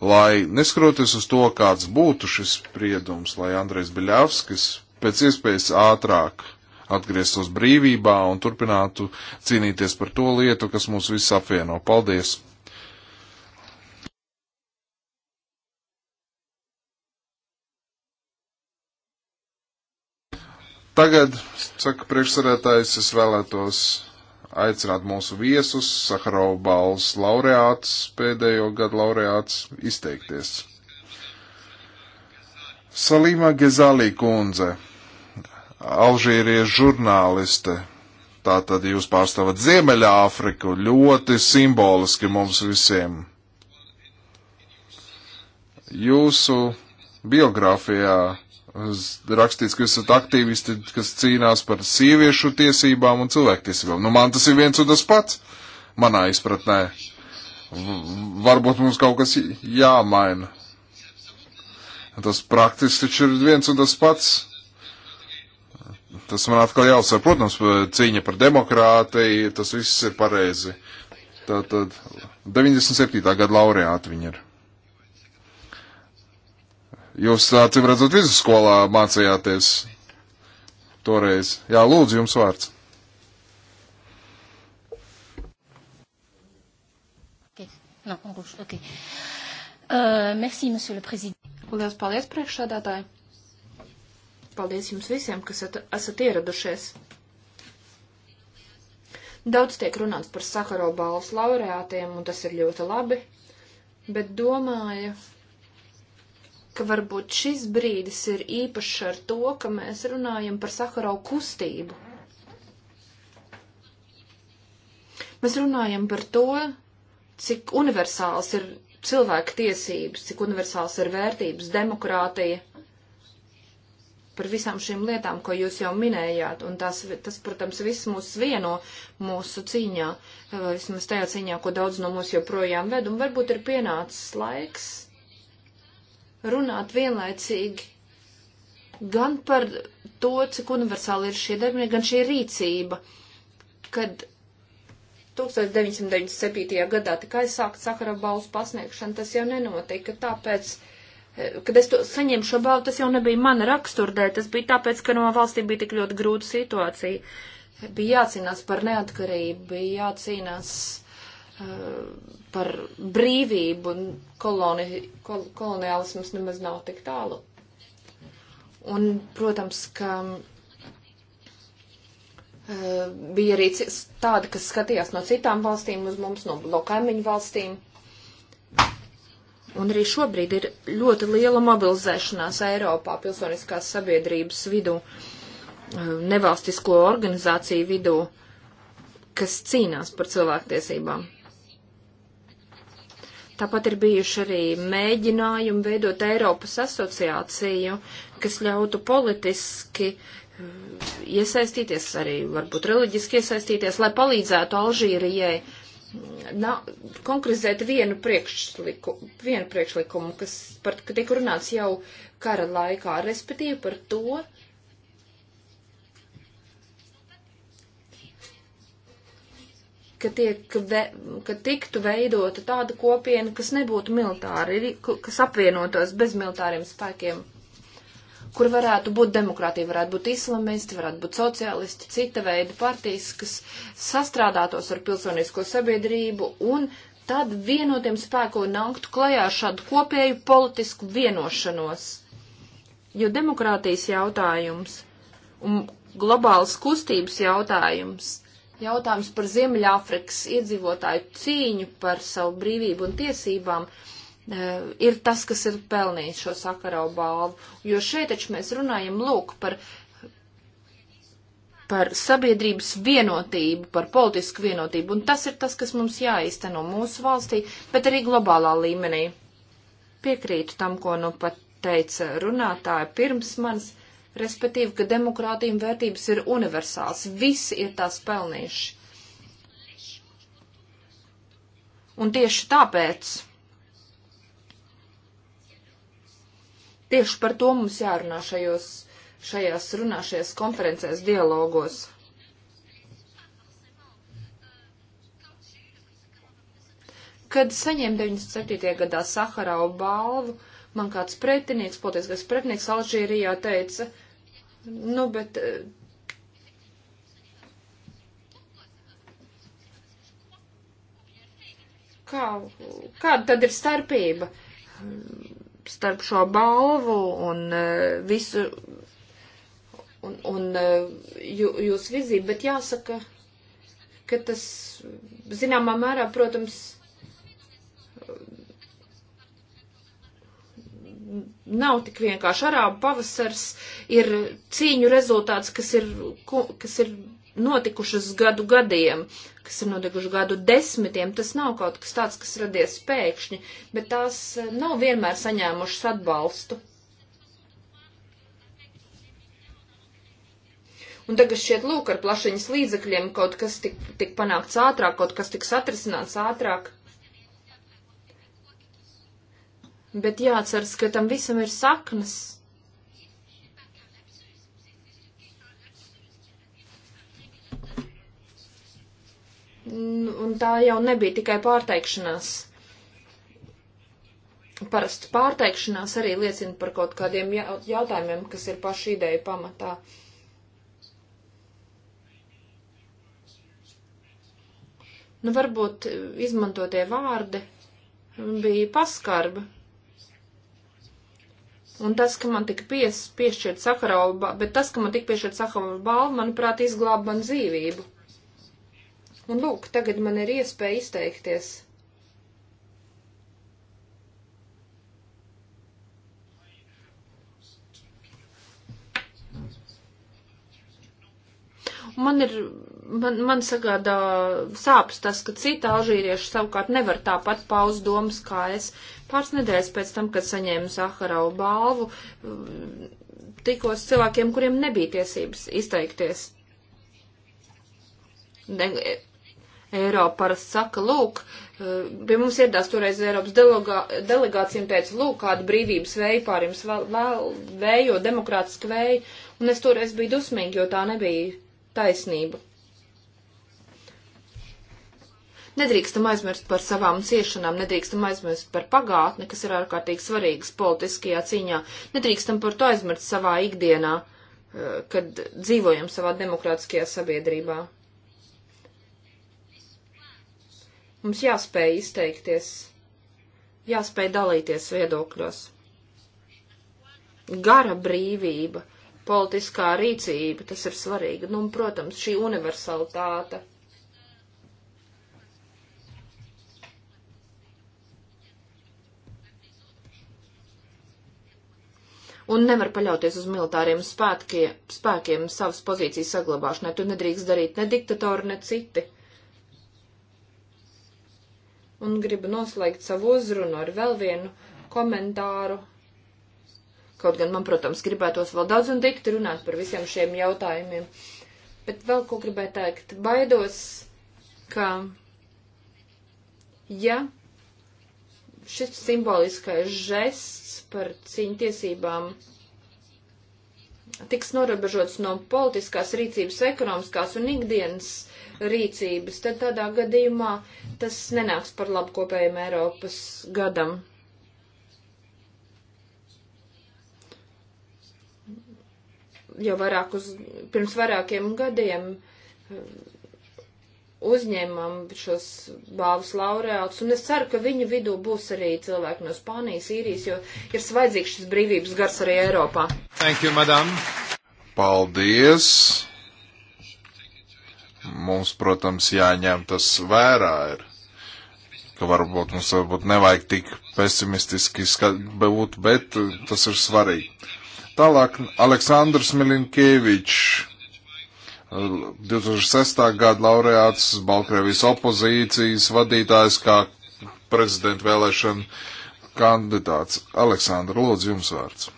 S1: lai neskroties uz to, kāds būtu šis spriedums, lai Andrejs Beļavskis pēc iespējas ātrāk atgrieztos brīvībā un turpinātu cīnīties par to lietu, kas mūs visus apvieno. Paldies! Tagad Saka priekšsarētājs, es vēlētos aicināt mūsu viesus, Saharova balvas laureāts, pēdējo gadu laureāts, izteikties. Salīma Gezalī kundze, alžīriešu žurnāliste, tātad jūs pārstāvat Ziemeļāfriku, ļoti simboliski mums visiem. Jūsu biogrāfijā rakstīts, ka esat aktīvisti, kas cīnās par sieviešu tiesībām un cilvēktiesībām. Nu, man tas ir viens un tas pats, manā izpratnē. Varbūt mums kaut kas jāmaina. Tas praktiski taču ir viens un tas pats. Tas man atkal jāuzsver, protams, cīņa par demokrātiju, tas viss ir pareizi. Tātad 97. gada laureāti viņi ir. Jūs, acīm redzot, vidusskolā mācījāties toreiz. Jā, lūdzu, jums vārds.
S3: Okay. No, okay. uh, merci, Lielas paldies, priekšsādātāji! Paldies jums visiem, kas at, esat ieradušies! Daudz tiek runāts par Sakaro balvas laureātiem, un tas ir ļoti labi, bet domāju, ka varbūt šis brīdis ir īpašs ar to, ka mēs runājam par Saharau kustību. Mēs runājam par to, cik universāls ir cilvēka tiesības, cik universāls ir vērtības, demokrātija, par visām šīm lietām, ko jūs jau minējāt, un tās, tas, protams, viss mūs vieno mūsu cīņā, eh, vismaz tajā cīņā, ko daudz no mums joprojām ved, un varbūt ir pienācis laiks runāt vienlaicīgi gan par to, cik universāli ir šie darbinieki, gan šī rīcība, kad 1997. gadā tikai sākt sakara balvu pasniegšanu, tas jau nenotika, tāpēc, eh, kad es to saņēmu šo balvu, tas jau nebija mana raksturdē, tas bija tāpēc, ka no valstīm bija tik ļoti grūta situācija. Bija jācīnās par neatkarību, bija jācīnās Eh, par brīvību un koloni, kol, koloniālisms nemaz nav tik tālu. Un, protams, ka eh, bija arī tādi, kas skatījās no citām valstīm uz mums, no lokaimiņu valstīm. Un arī šobrīd ir ļoti liela mobilizēšanās Eiropā pilsoniskās sabiedrības vidū, eh, nevalstisko organizāciju vidū, kas cīnās par cilvēktiesībām. Tāpat ir bijuši arī mēģinājumi veidot Eiropas asociāciju, kas ļautu politiski eh, iesaistīties, arī varbūt reliģiski iesaistīties, lai palīdzētu Alžīrijai mm, na, konkretizēt vienu, priekšliku, vienu priekšlikumu, kas par, tika runāts jau kara laikā, respektīvi par to, ka, tiek, ve, ka tiktu veidota tāda kopiena, kas nebūtu militāra, kas apvienotos bez militāriem spēkiem, kur varētu būt demokrātija, varētu būt islamisti, varētu būt sociālisti, cita veida partijas, kas sastrādātos ar pilsonisko sabiedrību un tad vienotiem spēkiem nāktu klajā ar šādu kopēju politisku vienošanos. Jo demokrātijas jautājums un globālas kustības jautājums jautājums par Ziemeļāfrikas iedzīvotāju cīņu par savu brīvību un tiesībām eh, ir tas, kas ir pelnījis šo sakarau balvu. Jo šeit taču mēs runājam lūk par, par sabiedrības vienotību, par politisku vienotību, un tas ir tas, kas mums jāīsteno mūsu valstī, bet arī globālā līmenī. Piekrītu tam, ko nu pat teica runātāja pirms manis respektīvi, ka demokrātija un vērtības ir universāls. Visi ir tās pelnījuši. Un tieši tāpēc, tieši par to mums jārunā šajos, šajās runāšajās konferencēs, dialogos. kad saņēmu 97. gadā Saharau balvu, man kāds pretinieks, politiskais pretinieks Alžīrijā teica, uh, Nu, bet. Eh, kā, kāda tad ir starpība starp šo balvu un eh, visu, un, un eh, jū, jūsu vizīti, bet jāsaka, ka tas, zināmā mērā, protams, nav tik vienkārši. Arābu pavasars ir cīņu rezultāts, kas ir, kas ir notikušas gadu gadiem, kas ir notikuši gadu desmitiem. Tas nav kaut kas tāds, kas radies pēkšņi, bet tās eh, nav vienmēr saņēmušas atbalstu. Un tagad šķiet, lūk, ar plašiņas līdzekļiem kaut kas tik, tik panākts ātrāk, kaut kas tiks atrisināts ātrāk. bet jāatceras, ka tam visam ir saknes. Nu, un tā jau nebija tikai pārteikšanās. Parasti pārteikšanās arī liecina par kaut kādiem jautājumiem, kas ir paši ideju pamatā. Nu, varbūt izmantotie vārdi bija paskarba, Un tas, ka man tika pies, piešķirt Sakarova, bet tas, ka man tika piešķirt Sakarova balva, manuprāt, izglāba man dzīvību. Un lūk, tagad man ir iespēja izteikties. man ir, man, man sagādā sāpes tas, ka cita alžīrieši savukārt nevar tāpat paust domas kā es. Pāris nedēļas pēc tam, kad saņēmu Saharau balvu, tikos cilvēkiem, kuriem nebija tiesības izteikties. Ne, Eiropa parasti saka, lūk, pie mums ieradās toreiz Eiropas delegā, delegācija un teica, lūk, kāda brīvības vēja pār jums vēl, vēl, vējo, demokrātiski vēja, un es toreiz biju dusmīgi, jo tā nebija taisnība. Nedrīkstam aizmirst par savām ciešanām, nedrīkstam aizmirst par pagātni, kas ir ārkārtīgi svarīgas politiskajā cīņā, nedrīkstam par to aizmirst savā ikdienā, eh, kad dzīvojam savā demokrātiskajā sabiedrībā. Mums jāspēj izteikties, jāspēj dalīties viedokļos gara brīvība, politiskā rīcība, tas ir svarīgi. Nu, un, protams, šī universalitāte. un nevar paļauties uz militāriem spēkie, spēkiem savas pozīcijas saglabāšanai. To nedrīkst darīt ne diktatori, ne citi. Un gribu noslēgt savu uzrunu ar vēl vienu komentāru. Kaut gan man, protams, gribētos vēl daudz un dikti runāt par visiem šiem jautājumiem. Bet vēl ko gribēju teikt. Baidos, ka, ja šis simboliskais žests par cīņu tiesībām tiks norobežots no politiskās rīcības, ekonomiskās un ikdienas rīcības, tad tādā gadījumā tas nenāks par labu kopējiem Eiropas gadam. Jau vairākus, pirms vairākiem gadiem uzņēmām šos balvas laureātus, un es ceru, ka viņu vidū būs arī cilvēki no Spānijas, Īrijas, jo ir svaidzīgs šis brīvības gars arī Eiropā.
S1: Thank you, madam! Paldies! Mums, protams, jāņem tas vērā ir, ka varbūt mums varbūt nevajag tik pesimistiski skat, būt, bet tas ir svarīgi. Tālāk Aleksandrs Milinkievičs 2006. gada laureāts, Baltkrievijas opozīcijas vadītājs, kā prezidenta vēlēšana kandidāts. Aleksandra, lūdzu, jums vārds.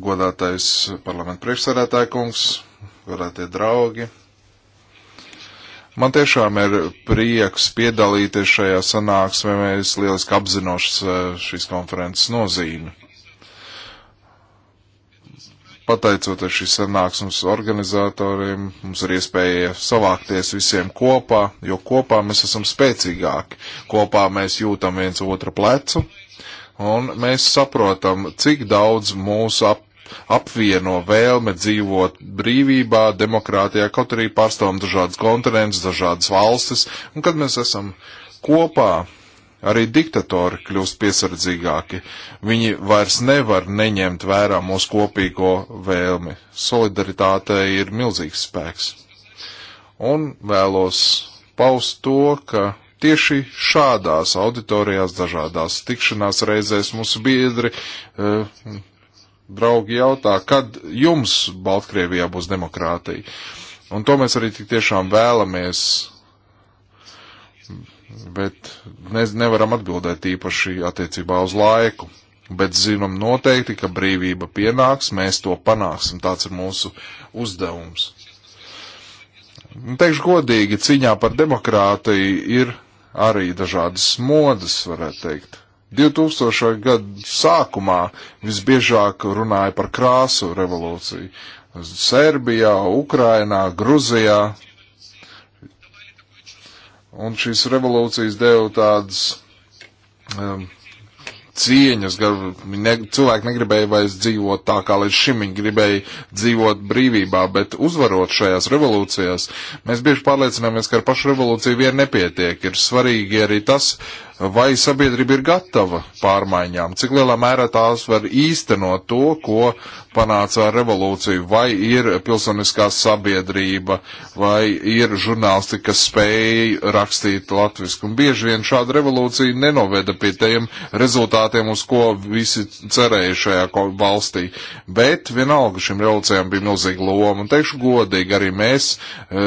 S1: Godātais parlamenta priekšsēdētāja kungs, godātie draugi. Man tiešām ir prieks piedalīties šajā sanāksmē, mēs lieliski apzinošas eh, šīs konferences nozīmi. Pateicoties šīs sanāksmes organizatoriem, mums ir iespēja savākties visiem kopā, jo kopā mēs esam spēcīgāki, kopā mēs jūtam viens otru plecu, un mēs saprotam, cik daudz mūsu ap, apvieno vēlme dzīvot brīvībā, demokrātijā, kaut arī pārstāvam dažādas kontinentus, dažādas valstis, un kad mēs esam kopā, Arī diktatori kļūst piesardzīgāki. Viņi vairs nevar neņemt vērā mūsu kopīgo vēlmi. Solidaritāte ir milzīgs spēks. Un vēlos paust to, ka tieši šādās auditorijās, dažādās tikšanās reizēs mūsu biedri, eh, draugi jautā, kad jums Baltkrievijā būs demokrātija. Un to mēs arī tik tiešām vēlamies bet ne, nevaram atbildēt īpaši attiecībā uz laiku. Bet zinām noteikti, ka brīvība pienāks, mēs to panāksim, tāds ir mūsu uzdevums. Teikšu godīgi, cīņā par demokrātiju ir arī dažādas modas, varētu teikt. 2000. gadu sākumā visbiežāk runāja par krāsu revolūciju. Serbijā, Ukrainā, Gruzijā, Un šīs revolūcijas deva tādas um, cieņas, ka ne, cilvēki negribēja vairs dzīvot tā, kā līdz šim viņi gribēja dzīvot brīvībā, bet uzvarot šajās revolūcijās, mēs bieži pārliecināmies, ka ar pašu revolūciju vien nepietiek. Ir svarīgi arī tas, uh, vai sabiedrība ir gatava pārmaiņām, cik lielā mērā tās var īstenot to, ko panāca ar revolūciju, vai ir pilsoniskā sabiedrība, vai ir žurnālisti, kas spēja rakstīt latvisku. Un bieži vien šāda revolūcija nenoveda pie tiem rezultātiem, uz ko visi cerēja šajā valstī. Bet vienalga šim revolūcijām bija milzīga loma, un teikšu godīgi, arī mēs e,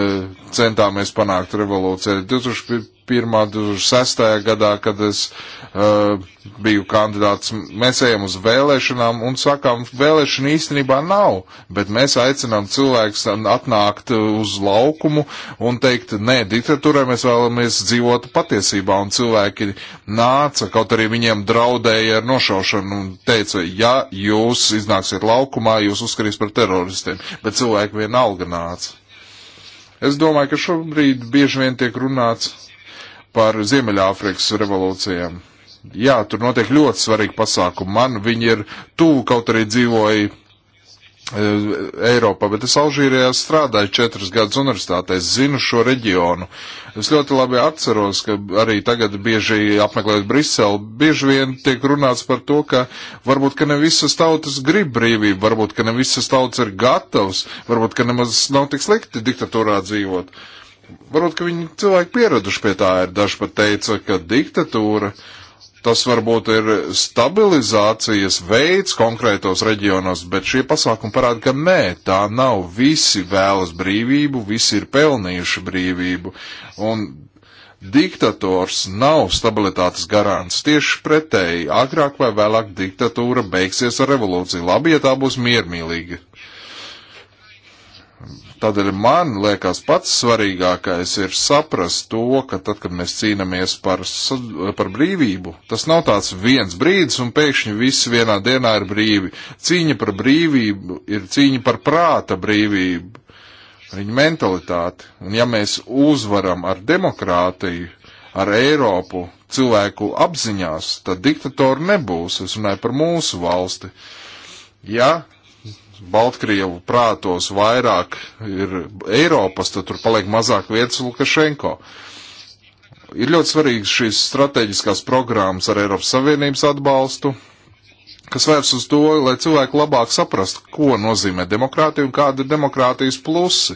S1: centāmies panākt revolūciju. 2001 pirmā, 6. gadā, kad es uh, biju kandidāts, mēs ejam uz vēlēšanām un sakām, vēlēšana īstenībā nav, bet mēs aicinām cilvēkus atnākt uz laukumu un teikt, nē, diktatūrai mēs vēlamies dzīvot patiesībā, un cilvēki nāca, kaut arī viņiem draudēja ar nošaušanu un teica, ja jūs iznāksiet laukumā, jūs uzskatīs par teroristiem, bet cilvēki vienalga nāca. Es domāju, ka šobrīd bieži vien tiek runāts par Ziemeļāfrikas revolūcijām. Jā, tur notiek ļoti svarīgi pasākumi. Man viņi ir tuvu, kaut arī dzīvoju eh, Eiropā, bet es Alžīrijā strādāju četrus gadus universitātē, es zinu šo reģionu. Es ļoti labi atceros, ka arī tagad bieži apmeklējot Briselu, bieži vien tiek runāts par to, ka varbūt, ka ne visas tautas grib brīvību, varbūt, ka ne visas tautas ir gatavs, varbūt, ka nemaz nav tik slikti diktatūrā dzīvot. Uh, Varbūt, ka viņi cilvēki pieraduši pie tā ir. Daži pat teica, ka diktatūra tas varbūt ir stabilizācijas veids konkrētos reģionos, bet šie pasākumi parāda, ka nē, tā nav. Visi vēlas brīvību, visi ir pelnījuši brīvību. Un diktators nav stabilitātes garants. Tieši pretēji, agrāk vai vēlāk diktatūra beigsies ar revolūciju. Labi, ja tā būs miermīlīga Tādēļ man liekas pats svarīgākais ir saprast to, ka tad, kad mēs cīnāmies par, par brīvību, tas nav tāds viens brīdis un pēkšņi viss vienā dienā ir brīvi. Cīņa par brīvību ir cīņa par prāta brīvību, viņa mentalitāti. Un ja mēs uzvaram ar demokrātiju, ar Eiropu cilvēku apziņās, tad diktatoru nebūs. Es runāju par mūsu valsti. Ja Baltkrievu prātos vairāk ir Eiropas, tad tur paliek mazāk vietas Lukašenko. Ir ļoti svarīgs šīs strateģiskās programmas ar Eiropas Savienības atbalstu, kas vērs uz to, lai cilvēki labāk saprastu, ko nozīmē demokrātija un kāda ir demokrātijas plusi,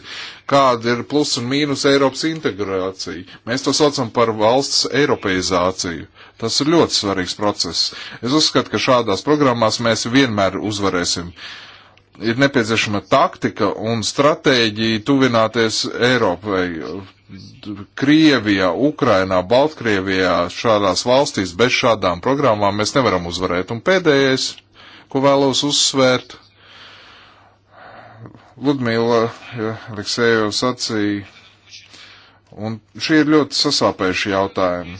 S1: kāda ir plus un mīnus Eiropas integrācija. Mēs to saucam par valsts eiropeizāciju. Tas ir ļoti svarīgs process. Es uzskatu, ka šādās programmās mēs vienmēr uzvarēsim. Uh, ir nepieciešama taktika un stratēģija tuvināties Eiropai. Krievijā, Ukrainā, Baltkrievijā, šādās valstīs bez šādām programmām mēs nevaram uzvarēt. Un pēdējais, ko vēlos uzsvērt, Ludmila ja, Aleksejeva sacīja, un šie ir ļoti sasāpējuši jautājumi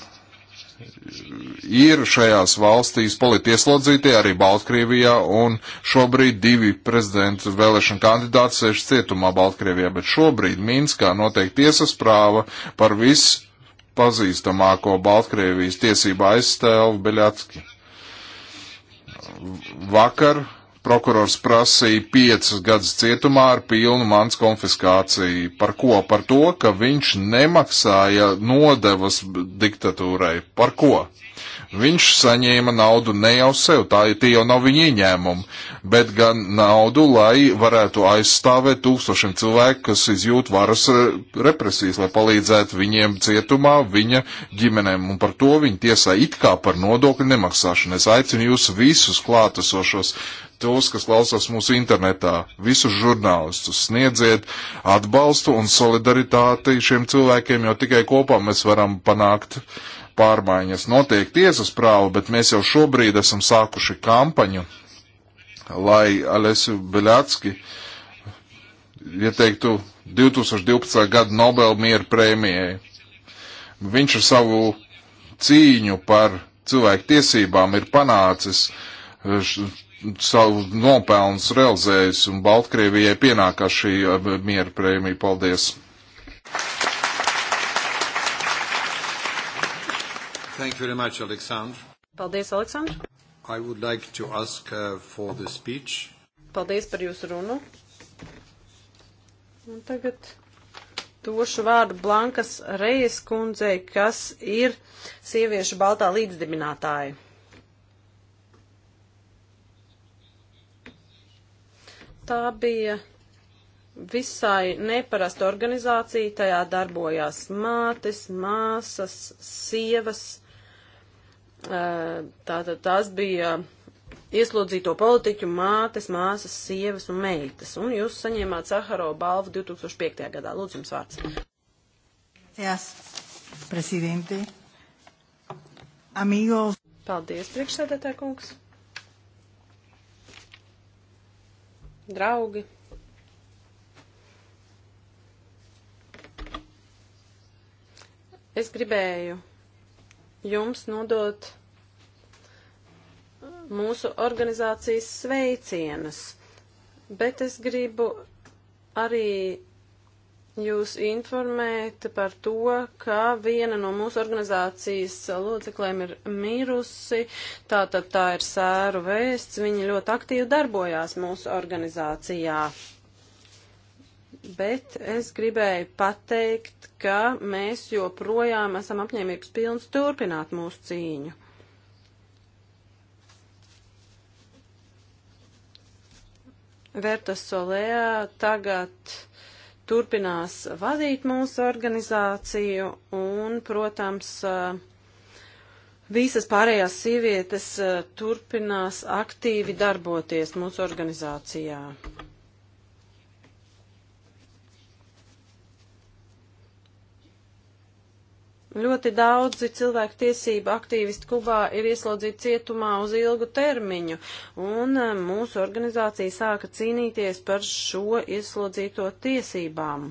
S1: ir šajās valstīs politieslodzītie arī Baltkrievijā, un šobrīd divi prezidentu vēlēšana kandidāti sēž cietumā Baltkrievijā, bet šobrīd Minskā notiek tiesas prāva par visu pazīstamāko Baltkrievijas tiesību aizstēlu Beļatski. Vakar prokurors prasīja piecas gadus cietumā ar pilnu mans konfiskāciju. Par ko? Par to, ka viņš nemaksāja nodevas diktatūrai. Par ko? Viņš saņēma naudu ne jau sev, tā tie jau nav viņa ieņēmumi, bet gan naudu, lai varētu aizstāvēt tūkstošiem cilvēku, kas izjūt varas represijas, lai palīdzētu viņiem cietumā, viņa ģimenēm, un par to viņa tiesā it kā par nodokļu nemaksāšanu. Es aicinu jūs visus klātesošos tos, kas klausās mūsu internetā, visus žurnālistus, sniedziet atbalstu un solidaritāti šiem cilvēkiem, jo tikai kopā mēs varam panākt uh, pārmaiņas. Notiek tiesas prāva, bet mēs jau šobrīd esam sākuši kampaņu, lai Alesu Beļatski ieteiktu 2012. gada Nobel mieru prēmijai. Viņš ar savu cīņu par cilvēku tiesībām ir panācis eh, savu nopelnus realizējis, un Baltkrievijai pienākās šī eh, miera prēmija. Paldies! Thank you. Thank you very much, Aleksandr.
S2: Paldies, Aleksandr.
S1: I would like to ask uh, for the speech.
S2: Paldies par jūsu runu. Un tagad došu vārdu Blankas Rejas kundzei, kas ir sieviešu baltā līdzdibinātāja. Tā bija visai neparasta organizācija, tajā darbojās mātes, māsas, sievas Tātad tās bija ieslodzīto politiķu mātes, māsas, sievas un meitas. Un jūs saņēmāt Saharo balvu 2005. gadā. Lūdzu, jums vārds. Jās, prezidenti, amigos. Paldies, priekšsēdētāj kungs. Draugi. Es gribēju jums nodot mūsu organizācijas sveicienus, bet es gribu arī jūs informēt par to, ka viena no mūsu organizācijas locekliem ir mirusi, tātad tā ir sēru vēsts, viņi ļoti aktīvi darbojās mūsu organizācijā bet es gribēju pateikt, ka mēs joprojām esam apņēmības pilns turpināt mūsu cīņu. Verta Solea tagad turpinās vadīt mūsu organizāciju un, protams, visas pārējās sievietes turpinās aktīvi darboties mūsu organizācijā. Ļoti daudzi cilvēku tiesību aktīvisti Kubā ir ieslodzīti cietumā uz ilgu termiņu, un eh, mūsu organizācija sāka cīnīties par šo ieslodzīto tiesībām.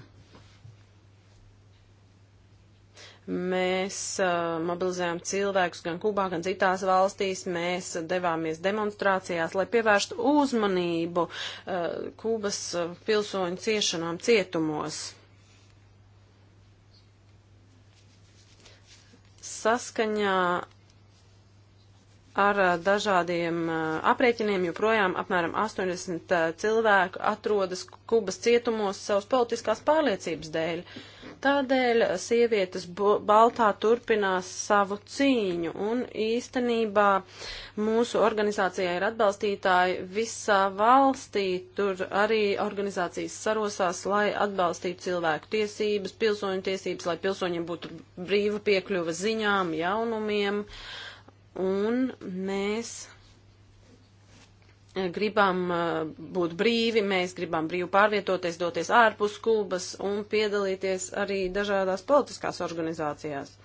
S2: Mēs uh, mobilizējām cilvēkus gan Kubā, gan citās valstīs. Mēs devāmies demonstrācijās, lai pievērstu uzmanību uh, Kubas pilsoņu ciešanām cietumos. saskaņā ar dažādiem aprēķiniem joprojām apmēram 80 cilvēku atrodas Kubas cietumos savas politiskās pārliecības dēļ. Uh, tādēļ sievietes Baltā turpinās savu cīņu, un īstenībā mūsu organizācijā ir atbalstītāji visā valstī, tur arī organizācijas sarosās, lai atbalstītu cilvēku tiesības, pilsoņu tiesības, lai pilsoņiem būtu brīva piekļuva ziņām, jaunumiem, un mēs gribam uh, būt brīvi, mēs gribam brīvi pārvietoties, doties ārpus Kubas un piedalīties arī dažādās politiskās organizācijās.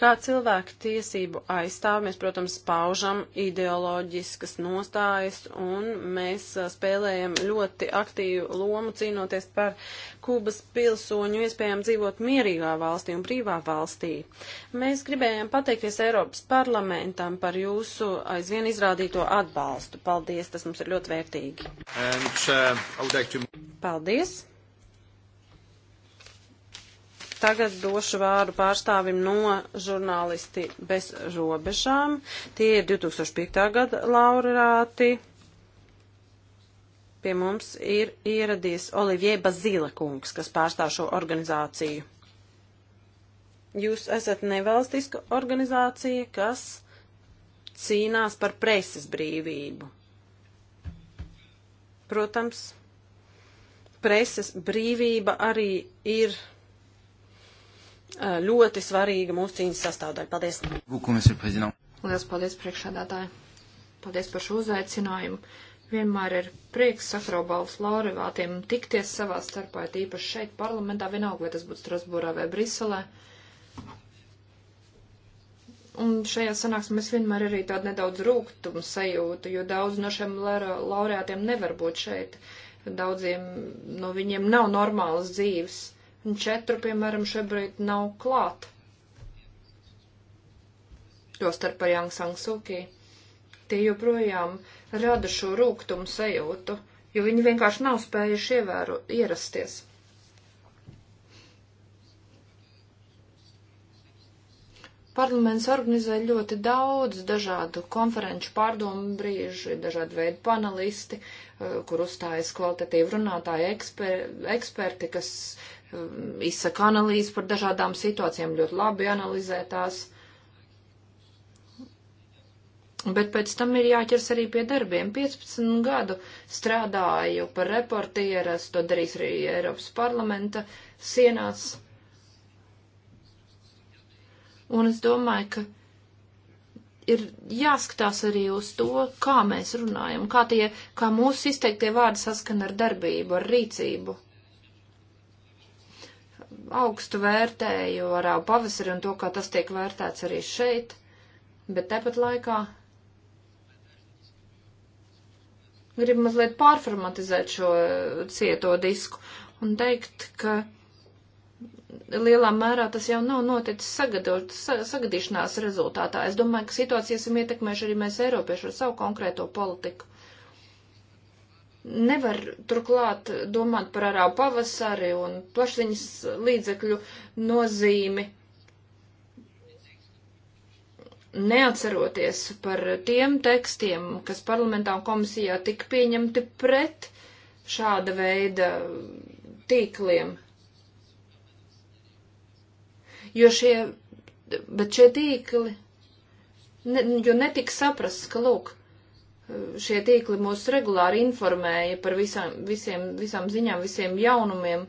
S2: Kā cilvēku tiesību aizstāvi, mēs, protams, paužam ideoloģiskas nostājas un mēs spēlējam ļoti aktīvu lomu cīnoties par Kubas pilsoņu iespējām dzīvot mierīgā valstī un brīvā valstī. Mēs gribējām pateikties Eiropas parlamentam par jūsu aizvien izrādīto atbalstu. Paldies, tas mums ir ļoti vērtīgi.
S1: And, uh, like to...
S2: Paldies! Tagad došu vārdu pārstāvim no žurnālisti bez robežām. Tie ir 2005. gada laurāti. Pie mums ir ieradies Olivier Bazila kungs, kas pārstāv šo organizāciju. Jūs esat nevalstiska organizācija, kas cīnās par preses brīvību. Protams, preses brīvība arī ir ļoti svarīga mūsu cīņas sastāvdaļa. Paldies!
S3: Lielas paldies priekšādātāji! Paldies par šo uzaicinājumu! Vienmēr ir prieks Sakrobalvas laurevātiem tikties savā starpā, tīpaši šeit parlamentā, vienalga, vai tas būtu Strasbūrā vai Briselē. Un šajā sanāksmēs vienmēr arī tāda nedaudz rūgtuma sajūta, jo daudz no šiem laureātiem nevar būt šeit. Daudziem no viņiem nav normālas dzīves četru, piemēram, šobrīd nav klāt. Tostarp par Jāng Sangsūkī. Tie joprojām rada šo rūgtumu sajūtu, jo viņi vienkārši nav spējuši ievēru, ierasties. Parlaments organizē ļoti daudz dažādu konferenču pārdomu brīži, dažādu veidu panelisti, eh, kur uzstājas kvalitatīvi runātāji eksper, eksperti, kas Um, izsaka analīzes par dažādām situācijām, ļoti labi analizē tās. Bet pēc tam ir jāķers arī pie darbiem. 15 gadu strādāju par reportieras, to darīs arī Eiropas parlamenta sienās. Un es domāju, ka ir jāskatās arī uz to, kā mēs runājam, kā, tie, kā mūsu izteiktie vārdi saskana ar darbību, ar rīcību augstu vērtēju arābu pavasari un to, kā tas tiek vērtēts arī šeit, bet tepat laikā gribu mazliet pārformatizēt šo cieto disku un teikt, ka lielā mērā tas jau nav noticis sagadot, sa, sagadīšanās rezultātā. Es domāju, ka situācijas esam ietekmējuši arī mēs Eiropieši ar savu konkrēto politiku. Nevar turklāt domāt par arābu pavasari un plašsaziņas līdzekļu nozīmi, neatceroties par tiem tekstiem, kas parlamentā un komisijā tika pieņemti pret šāda veida tīkliem. Jo šie, bet šie tīkli, ne, jo netika saprasts, ka, lūk, šie tīkli mūs regulāri informēja par visām, visiem, visām ziņām, visiem jaunumiem.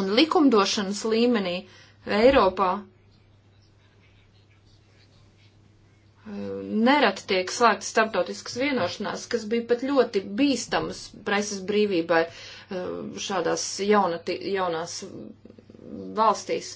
S3: Un likumdošanas līmenī Eiropā e, nereti tiek slēgtas starptautiskas vienošanās, kas bija pat ļoti bīstamas preses brīvībai e, šādās jaunati, jaunās valstīs.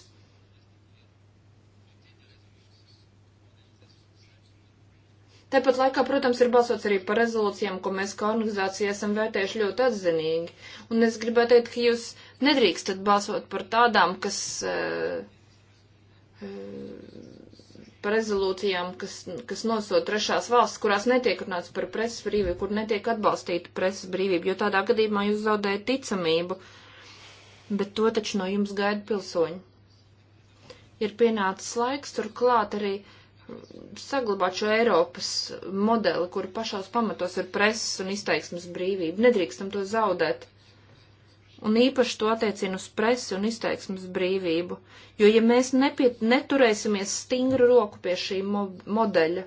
S3: Tāpat laikā, protams, ir balsots arī par rezolūcijām, ko mēs kā organizācija esam vērtējuši ļoti atzinīgi. Un es gribētu teikt, ka jūs nedrīkstat balsot par tādām, kas. Uh, uh, par rezolūcijām, kas, kas nosot trešās valsts, kurās netiek runāts par presas brīvību, kur netiek atbalstīta presas brīvība, jo tādā gadījumā jūs zaudējat ticamību. Bet to taču no jums gaida pilsoņi. Ir pienācis laiks turklāt arī uh, saglabāt šo Eiropas modeli, kur pašās pamatos ir preses un izteiksmes brīvība. Nedrīkstam to zaudēt. Un īpaši to attiecina uz presi un izteiksmes brīvību. Jo ja mēs nepiet, neturēsimies stingru roku pie šī mo modeļa,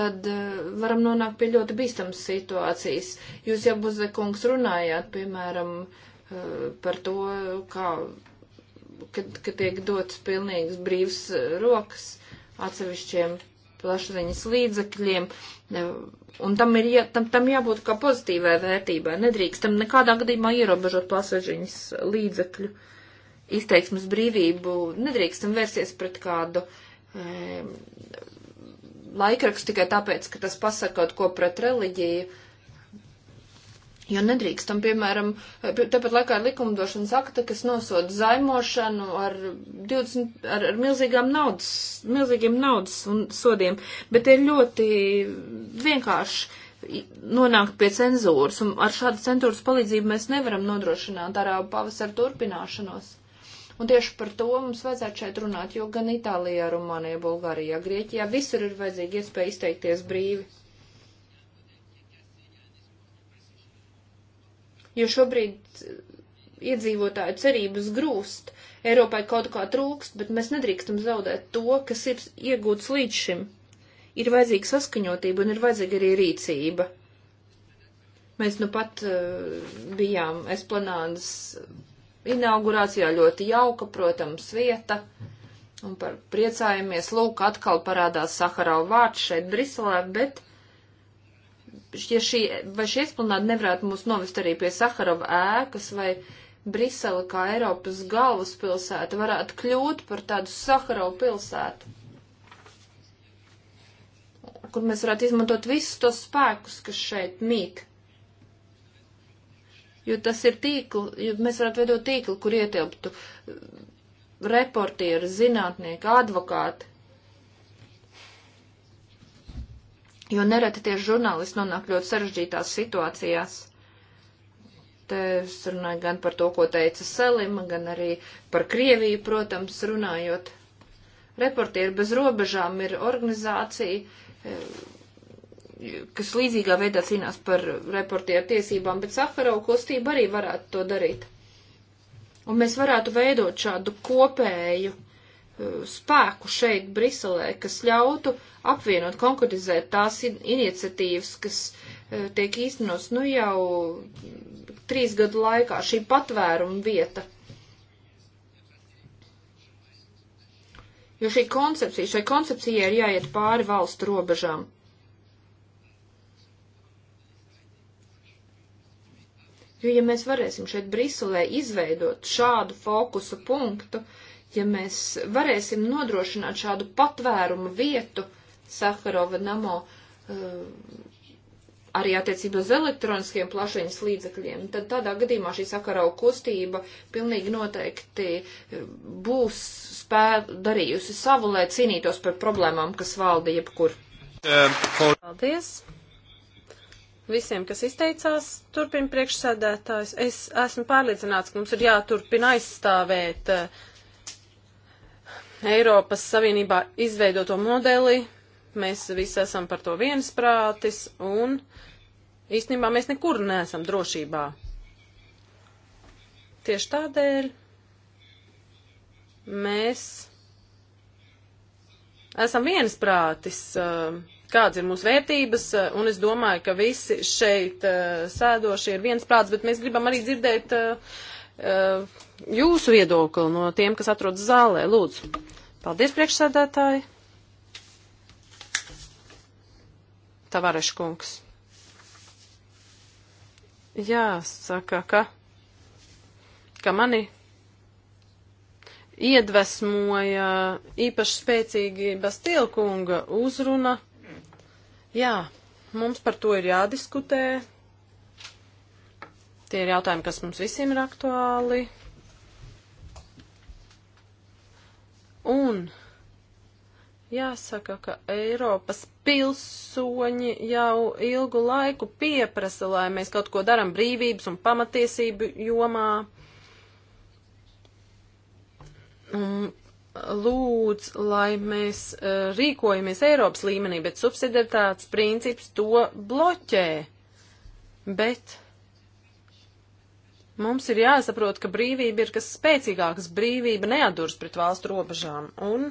S3: tad uh, varam nonākt pie ļoti bīstamas situācijas. Jūs jau, Buzekungs, runājāt, piemēram, uh, par to, kā, kad, kad tiek dots pilnīgs brīvs eh, rokas atsevišķiem plašsaziņas līdzekļiem, un tam ir jā, tam, tam jābūt kā pozitīvai vērtībai. Nedrīkstam nekādā gadījumā ierobežot plašsaziņas līdzekļu izteiksmes brīvību, nedrīkstam vērsties pret kādu e, laikrakstu tikai tāpēc, ka tas pasaka kaut ko pret reliģiju. Jo nedrīkstam, piemēram, tāpat laikā ir likumdošanas akta, kas nosoda zaimošanu ar, 20, ar, ar milzīgām naudas, milzīgiem naudas un sodiem, bet ir ļoti vienkārši nonākt pie cenzūras, un ar šādu cenzūras palīdzību mēs nevaram nodrošināt arābu pavasaru turpināšanos. Un tieši par to mums vajadzētu šeit runāt, jo gan Itālijā, Rumānijā, Bulgārijā, Grieķijā visur ir vajadzīga iespēja izteikties brīvi. jo šobrīd eh, iedzīvotāju cerības grūst. Eiropai kaut kā trūkst, bet mēs nedrīkstam zaudēt to, kas ir iegūts līdz šim. Ir vajadzīga saskaņotība un ir vajadzīga arī rīcība. Mēs nu pat uh, bijām Esplanādas inaugurācijā ļoti jauka, protams, vieta. Un par priecājamies, lūk, atkal parādās Saharau vārds šeit Briselē, bet ja šī, vai šī esplanāda nevarētu mūs novest arī pie Saharova ēkas vai Brisele kā Eiropas galvaspilsēta varētu kļūt par tādu Saharovu pilsētu, kur mēs varētu izmantot visus tos spēkus, kas šeit mīt. Jo tas ir tīkli, jo mēs varētu veidot tīkli, kur ietilptu reportieri, zinātnieki, advokāti, jo nereti tieši žurnālisti nonāk ļoti sarežģītās situācijās. Te es runāju gan par to, ko teica Selima, gan arī par Krieviju, protams, runājot. Reportieri bez robežām ir organizācija, eh, kas līdzīgā veidā cīnās par reportieru tiesībām, bet Safarau kustība arī varētu to darīt. Un mēs varētu veidot šādu kopēju spēku šeit, Briselē, kas ļautu apvienot, konkurizēt tās iniciatīvas, kas e, tiek īstenots nu jau trīs gadu laikā šī patvēruma vieta. Jo šī koncepcija, šai koncepcijai ir jāiet pāri valstu robežām. Jo, ja mēs varēsim šeit Briselē izveidot šādu fokusu punktu, uh, ja mēs varēsim nodrošināt šādu patvērumu vietu Saharova namo eh, arī attiecībā uz elektroniskiem plašiņas līdzekļiem, tad tādā gadījumā šī Saharova kustība pilnīgi noteikti eh, būs spēja darījusi savu, lai cīnītos
S2: par problēmām, kas valda jebkur.
S1: Paldies!
S2: visiem, kas izteicās, turpina priekšsēdētājs. Es esmu pārliecināts, ka mums ir jāturpina aizstāvēt eh, Eiropas Savienībā izveidoto modeli, mēs visi esam par to viensprātis un īstenībā mēs nekur neesam drošībā. Tieši tādēļ mēs esam viensprātis, eh, kādas ir mūsu vērtības, eh, un es domāju, ka visi šeit eh, sēdošie ir viensprāts, bet mēs gribam arī dzirdēt uh, jūsu viedokli no tiem, kas atrodas zālē. Lūdzu. Paldies, priekšsēdētāji. Tavareša kungs. Jāsaka, ka, ka mani iedvesmoja īpaši spēcīgi Bastilkunga uzruna. Jā, mums par to ir jādiskutē. Tie ir jautājumi, kas mums visiem ir aktuāli. Un jāsaka, ka Eiropas pilsoņi jau ilgu laiku pieprasa, lai mēs kaut ko daram brīvības un pamatiesību jomā. Un lūdz, lai mēs uh, rīkojamies Eiropas līmenī, bet subsidiaritātes princips to bloķē. Bet Mums ir jāsaprot, ka brīvība ir kas spēcīgāks, brīvība neadurs pret valstu robežām, un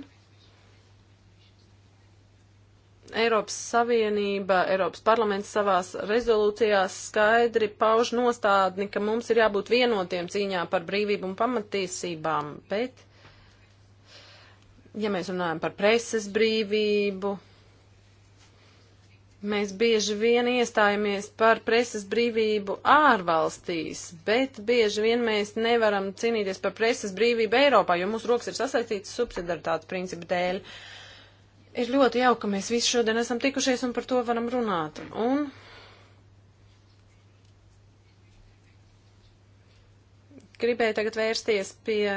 S2: Eiropas Savienība, Eiropas parlaments savās rezolūcijās skaidri pauž nostādni, ka mums ir jābūt vienotiem cīņā par brīvību un pamatiesībām, bet, ja mēs runājam par preses brīvību, Mēs bieži vien iestājamies par preses brīvību ārvalstīs, bet bieži vien mēs nevaram cīnīties par preses brīvību Eiropā, jo mūsu rokas ir sasaistītas subsidaritātes principu dēļ. Ir ļoti jauki, ka mēs visi šodien esam tikušies un par to varam runāt. Un gribēju tagad vērsties pie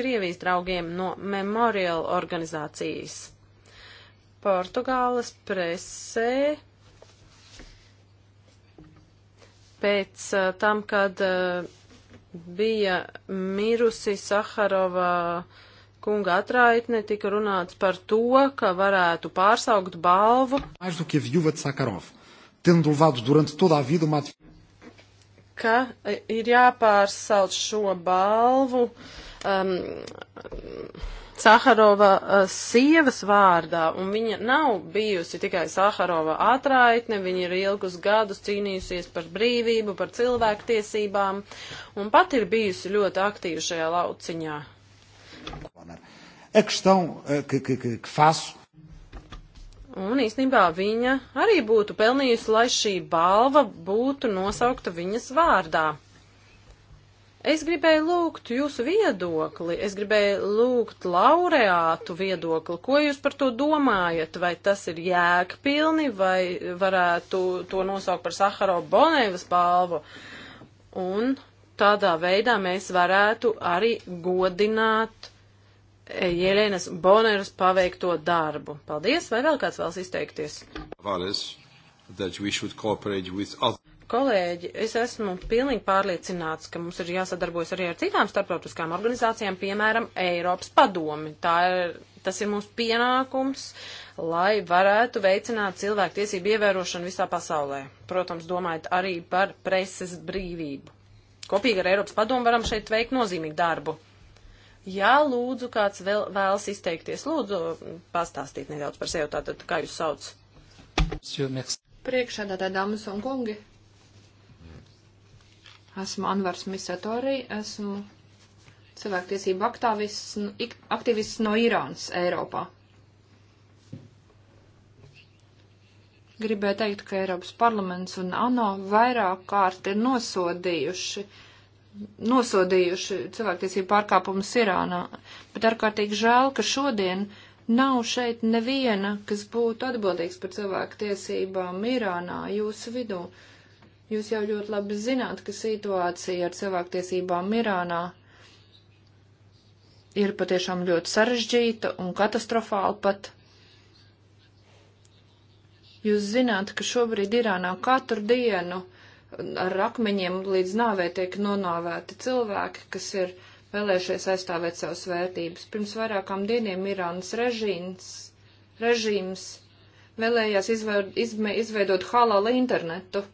S2: Krievijas draugiem no Memorial organizācijas. Portugāles presē pēc tam, kad bija mirusi Saharova kunga atraitne, tika runāts par to, ka varētu pārsaukt balvu. Ka ir jāpārsauc šo balvu. Um, Saharova eh, sievas vārdā, un viņa nav bijusi tikai Saharova atraitne, viņa ir ilgus gadus cīnījusies par brīvību, par cilvēktiesībām, un pat ir bijusi ļoti aktīva šajā lauciņā. Eh, un īstenībā viņa arī būtu pelnījusi, lai šī balva būtu nosaukta viņas vārdā. Es gribēju lūgt jūsu viedokli, es gribēju lūgt laureātu viedokli. Ko jūs par to domājat? Vai tas ir jēgpilni, vai varētu to nosaukt par Saharo Bonēvas balvu? Un tādā veidā mēs varētu arī godināt Jēlēnas Boneras paveikto darbu. Paldies, vai vēl kāds vēlas izteikties? Valis, kolēģi, es esmu pilnīgi pārliecināts, ka mums ir jāsadarbojas arī ar citām starptautiskām organizācijām, piemēram, Eiropas padomi. Tā ir, tas ir mūsu pienākums, lai varētu veicināt cilvēku tiesību ievērošanu visā pasaulē. Protams, domājot arī par preses brīvību. Kopīgi ar Eiropas padomu varam šeit veikt nozīmīgu darbu. Jā, lūdzu, kāds vēl, vēlas izteikties, lūdzu, pastāstīt nedaudz par sevi, tātad kā jūs sauc. Priekšādā dāmas un kungi,
S3: Esmu Anvars Misatori, esmu cilvēktiesību aktīvists no Irānas Eiropā. Gribēju teikt, ka Eiropas parlaments un ANO vairāk kārt ir nosodījuši, nosodījuši cilvēktiesību pārkāpumus Irānā, bet ārkārtīgi žēl, ka šodien nav šeit neviena, kas būtu atbildīgs par cilvēktiesībām Irānā jūsu vidū. Uh, Jūs jau ļoti labi zināt, ka situācija ar cilvēktiesībām Irānā ir patiešām ļoti sarežģīta un katastrofāla pat. Jūs zināt, ka šobrīd Irānā katru dienu ar akmeņiem līdz nāvē tiek nonāvēti cilvēki, kas ir vēlējušies aizstāvēt savas vērtības. Pirms vairākām dieniem Irānas režīms, režīms vēlējās izveidot halala internetu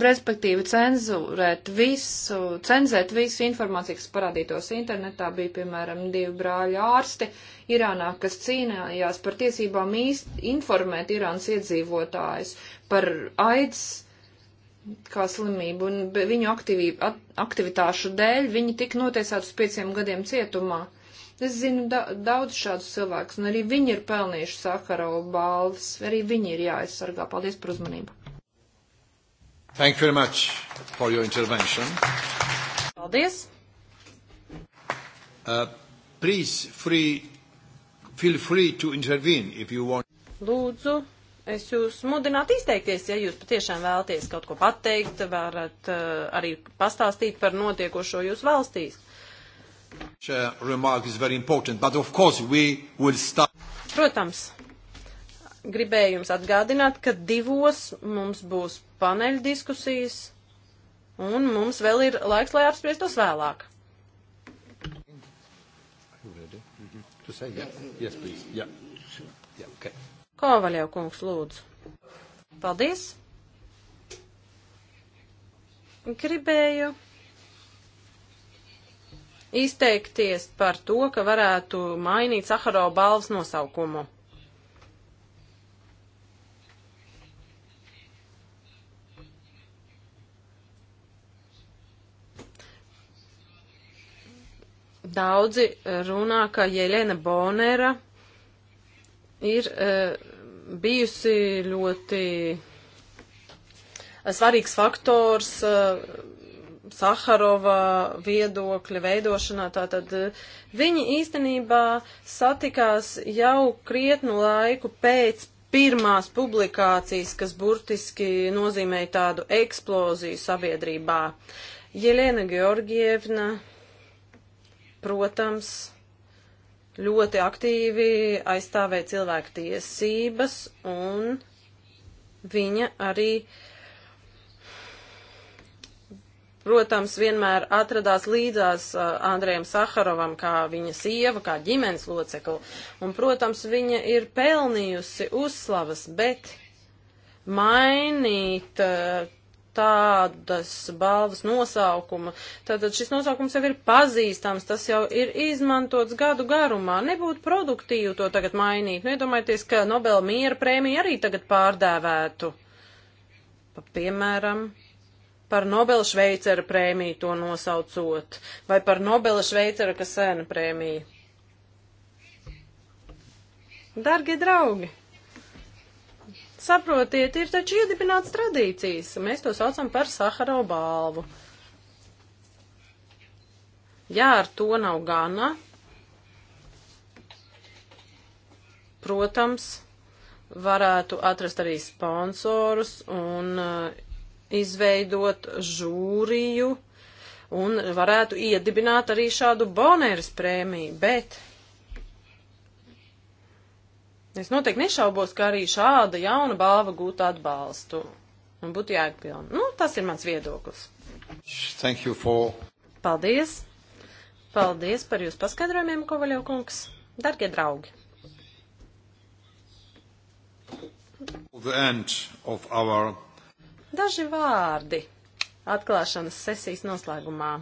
S3: respektīvi cenzurēt visu, cenzēt visu informāciju, kas parādītos internetā. Bija, piemēram, divi brāļi ārsti Irānā, kas cīnījās par tiesībām īst, informēt Irānas iedzīvotājus par aids kā slimību, un viņu aktivību, at, aktivitāšu dēļ viņi tika notiesāti uz pieciem gadiem cietumā. Es zinu da, daudz šādus cilvēkus, un arī viņi ir pelnījuši Sakarovu balvas, arī viņi ir jāaizsargā. Paldies par uzmanību!
S1: Thank you very much for your intervention. Paldies. Uh, please free, feel free to intervene if you want.
S2: Lūdzu, es jūs mudinātu izteikties, ja jūs patiešām vēlaties kaut ko pateikt, varat uh, arī pastāstīt par notiekošo jūsu valstīs. Protams, gribēju jums atgādināt, ka divos mums būs paneļa diskusijas, un mums vēl ir laiks, lai apspriestos vēlāk.
S1: Mm-hmm.
S2: Kovaļev kungs, lūdzu. Paldies. Gribēju izteikties par to, ka varētu mainīt Saharo balvas nosaukumu. Daudzi runā, ka Jelena Bonera ir e, bijusi ļoti svarīgs faktors e, Saharova viedokļa veidošanā. Tātad e, viņi īstenībā satikās jau krietnu laiku pēc pirmās publikācijas, kas burtiski nozīmēja tādu eksploziju sabiedrībā. Jelena Georgievna protams, ļoti aktīvi aizstāvēja cilvēku tiesības, un viņa arī, protams, vienmēr atradās līdzās uh, Andrejam Saharovam, kā viņa sieva, kā ģimenes locekli, un, protams, viņa ir pelnījusi uzslavas, bet mainīt uh, tādas balvas nosaukuma. Tātad šis nosaukums jau ir pazīstams, tas jau ir izmantots gadu garumā. Nebūtu produktīvi to tagad mainīt. Nedomājieties, nu, ka Nobela miera prēmija arī tagad pārdēvētu. Pa, piemēram, par Nobela Šveicera prēmiju to nosaucot, vai par Nobela Šveicera kasēna prēmiju. Dargie draugi! Saprotiet, ir taču iedibināts tradīcijas. Mēs to saucam par Sahara balvu. Ja ar to nav gana, protams, varētu atrast arī sponsorus un uh, izveidot žūriju un varētu iedibināt arī šādu Boneris prēmiju, bet Es noteikti nešaubos, ka arī šāda jauna balva gūtu atbalstu un būtu jāatpilna. Nu, tas ir mans viedoklis. Thank you for. Paldies. Paldies par jūsu paskaidrojumiem, Kovaļo kungs. Dargie draugi.
S1: Our...
S2: Daži vārdi atklāšanas sesijas noslēgumā.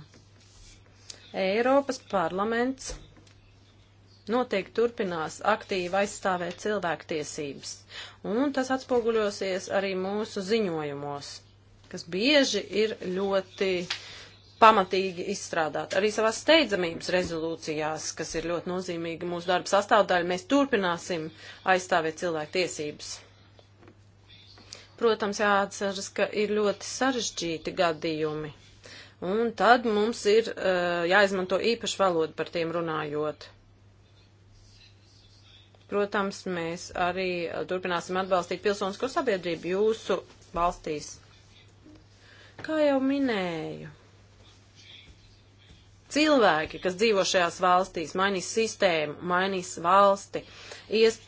S2: Eiropas parlaments noteikti turpinās aktīvi aizstāvēt cilvēktiesības, un tas atspoguļosies arī mūsu ziņojumos, kas bieži ir ļoti pamatīgi izstrādāt. Arī savās steidzamības rezolūcijās, kas ir ļoti nozīmīga mūsu darba sastāvdaļa, mēs turpināsim aizstāvēt cilvēktiesības. Protams, jāatceras, ka ir ļoti sarežģīti gadījumi, un tad mums ir uh, jāizmanto īpaši valoda par tiem runājot. Protams, mēs arī uh, turpināsim atbalstīt pilsonisko sabiedrību jūsu valstīs. Kā jau minēju, cilvēki, kas dzīvo šajās valstīs, mainīs sistēmu, mainīs valsti, ies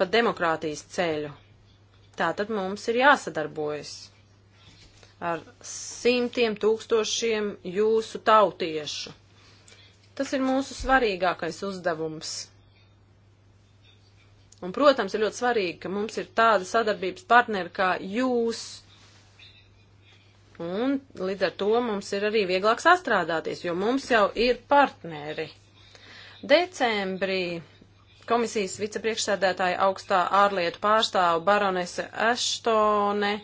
S2: pa demokrātijas ceļu. Tātad mums ir jāsadarbojas ar simtiem tūkstošiem jūsu tautiešu. Tas ir mūsu svarīgākais uzdevums. Un, protams, ir ļoti svarīgi, ka mums ir tāda sadarbības partneri kā jūs. Un līdz ar to mums ir arī vieglāk sastrādāties, jo mums jau ir partneri. Decembrī komisijas vicepriekšsēdētāja augstā ārlietu pārstāva baronese Ashtone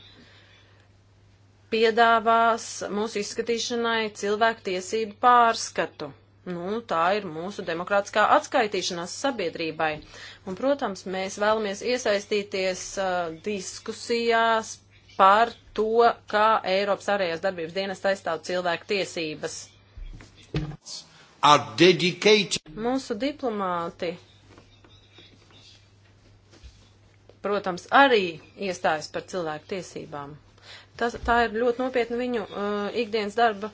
S2: piedāvās mūsu izskatīšanai cilvēku tiesību pārskatu. Nu, tā ir mūsu demokrātiskā atskaitīšanās sabiedrībai. Un, protams, mēs vēlamies iesaistīties uh, diskusijās par to, kā Eiropas ārējās darbības dienas aizstāv cilvēku tiesības. Mūsu diplomāti protams, arī iestājas par cilvēku tiesībām. Tas, tā ir ļoti nopietna viņu uh, ikdienas darba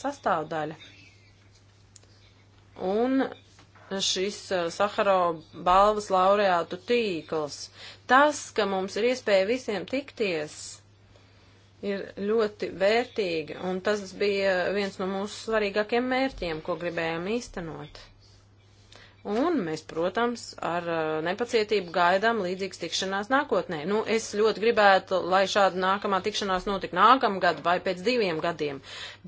S2: sastāvdaļa un šis uh, Saharo balvas laureātu tīkls. Tas, ka mums ir iespēja visiem tikties, ir ļoti vērtīgi, un tas bija viens no mūsu svarīgākiem mērķiem, ko gribējām īstenot. Un mēs, protams, ar uh, nepacietību gaidām līdzīgas tikšanās nākotnē. Nu, es ļoti gribētu, lai šāda nākamā tikšanās notika nākamgad vai pēc diviem gadiem,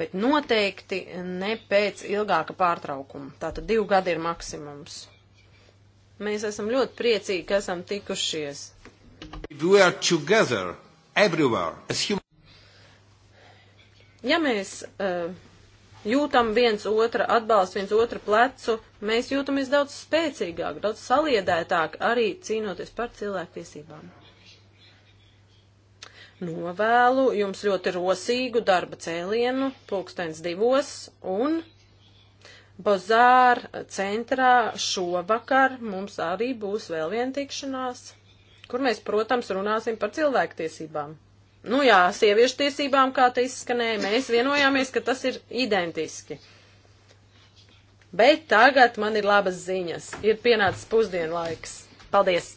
S2: bet noteikti ne pēc ilgāka pārtraukuma. Tātad divi gadi ir maksimums. Mēs esam ļoti priecīgi, ka esam tikušies.
S1: Together, human...
S2: Ja mēs uh, jūtam viens otra atbalstu, viens otra plecu, mēs jūtamies daudz spēcīgāk, daudz saliedētāk arī cīnoties par cilvēktiesībām. Novēlu jums ļoti rosīgu darba cēlienu, pulkstens divos, un Bozāra centrā šovakar mums arī būs vēl viena tikšanās, kur mēs, protams, runāsim par cilvēktiesībām. Nu jā, sieviešu tiesībām, kā te izskanēja, mēs vienojāmies, ka tas ir identiski. Bet tagad man ir labas ziņas. Ir pienācis pusdienlaiks. Paldies!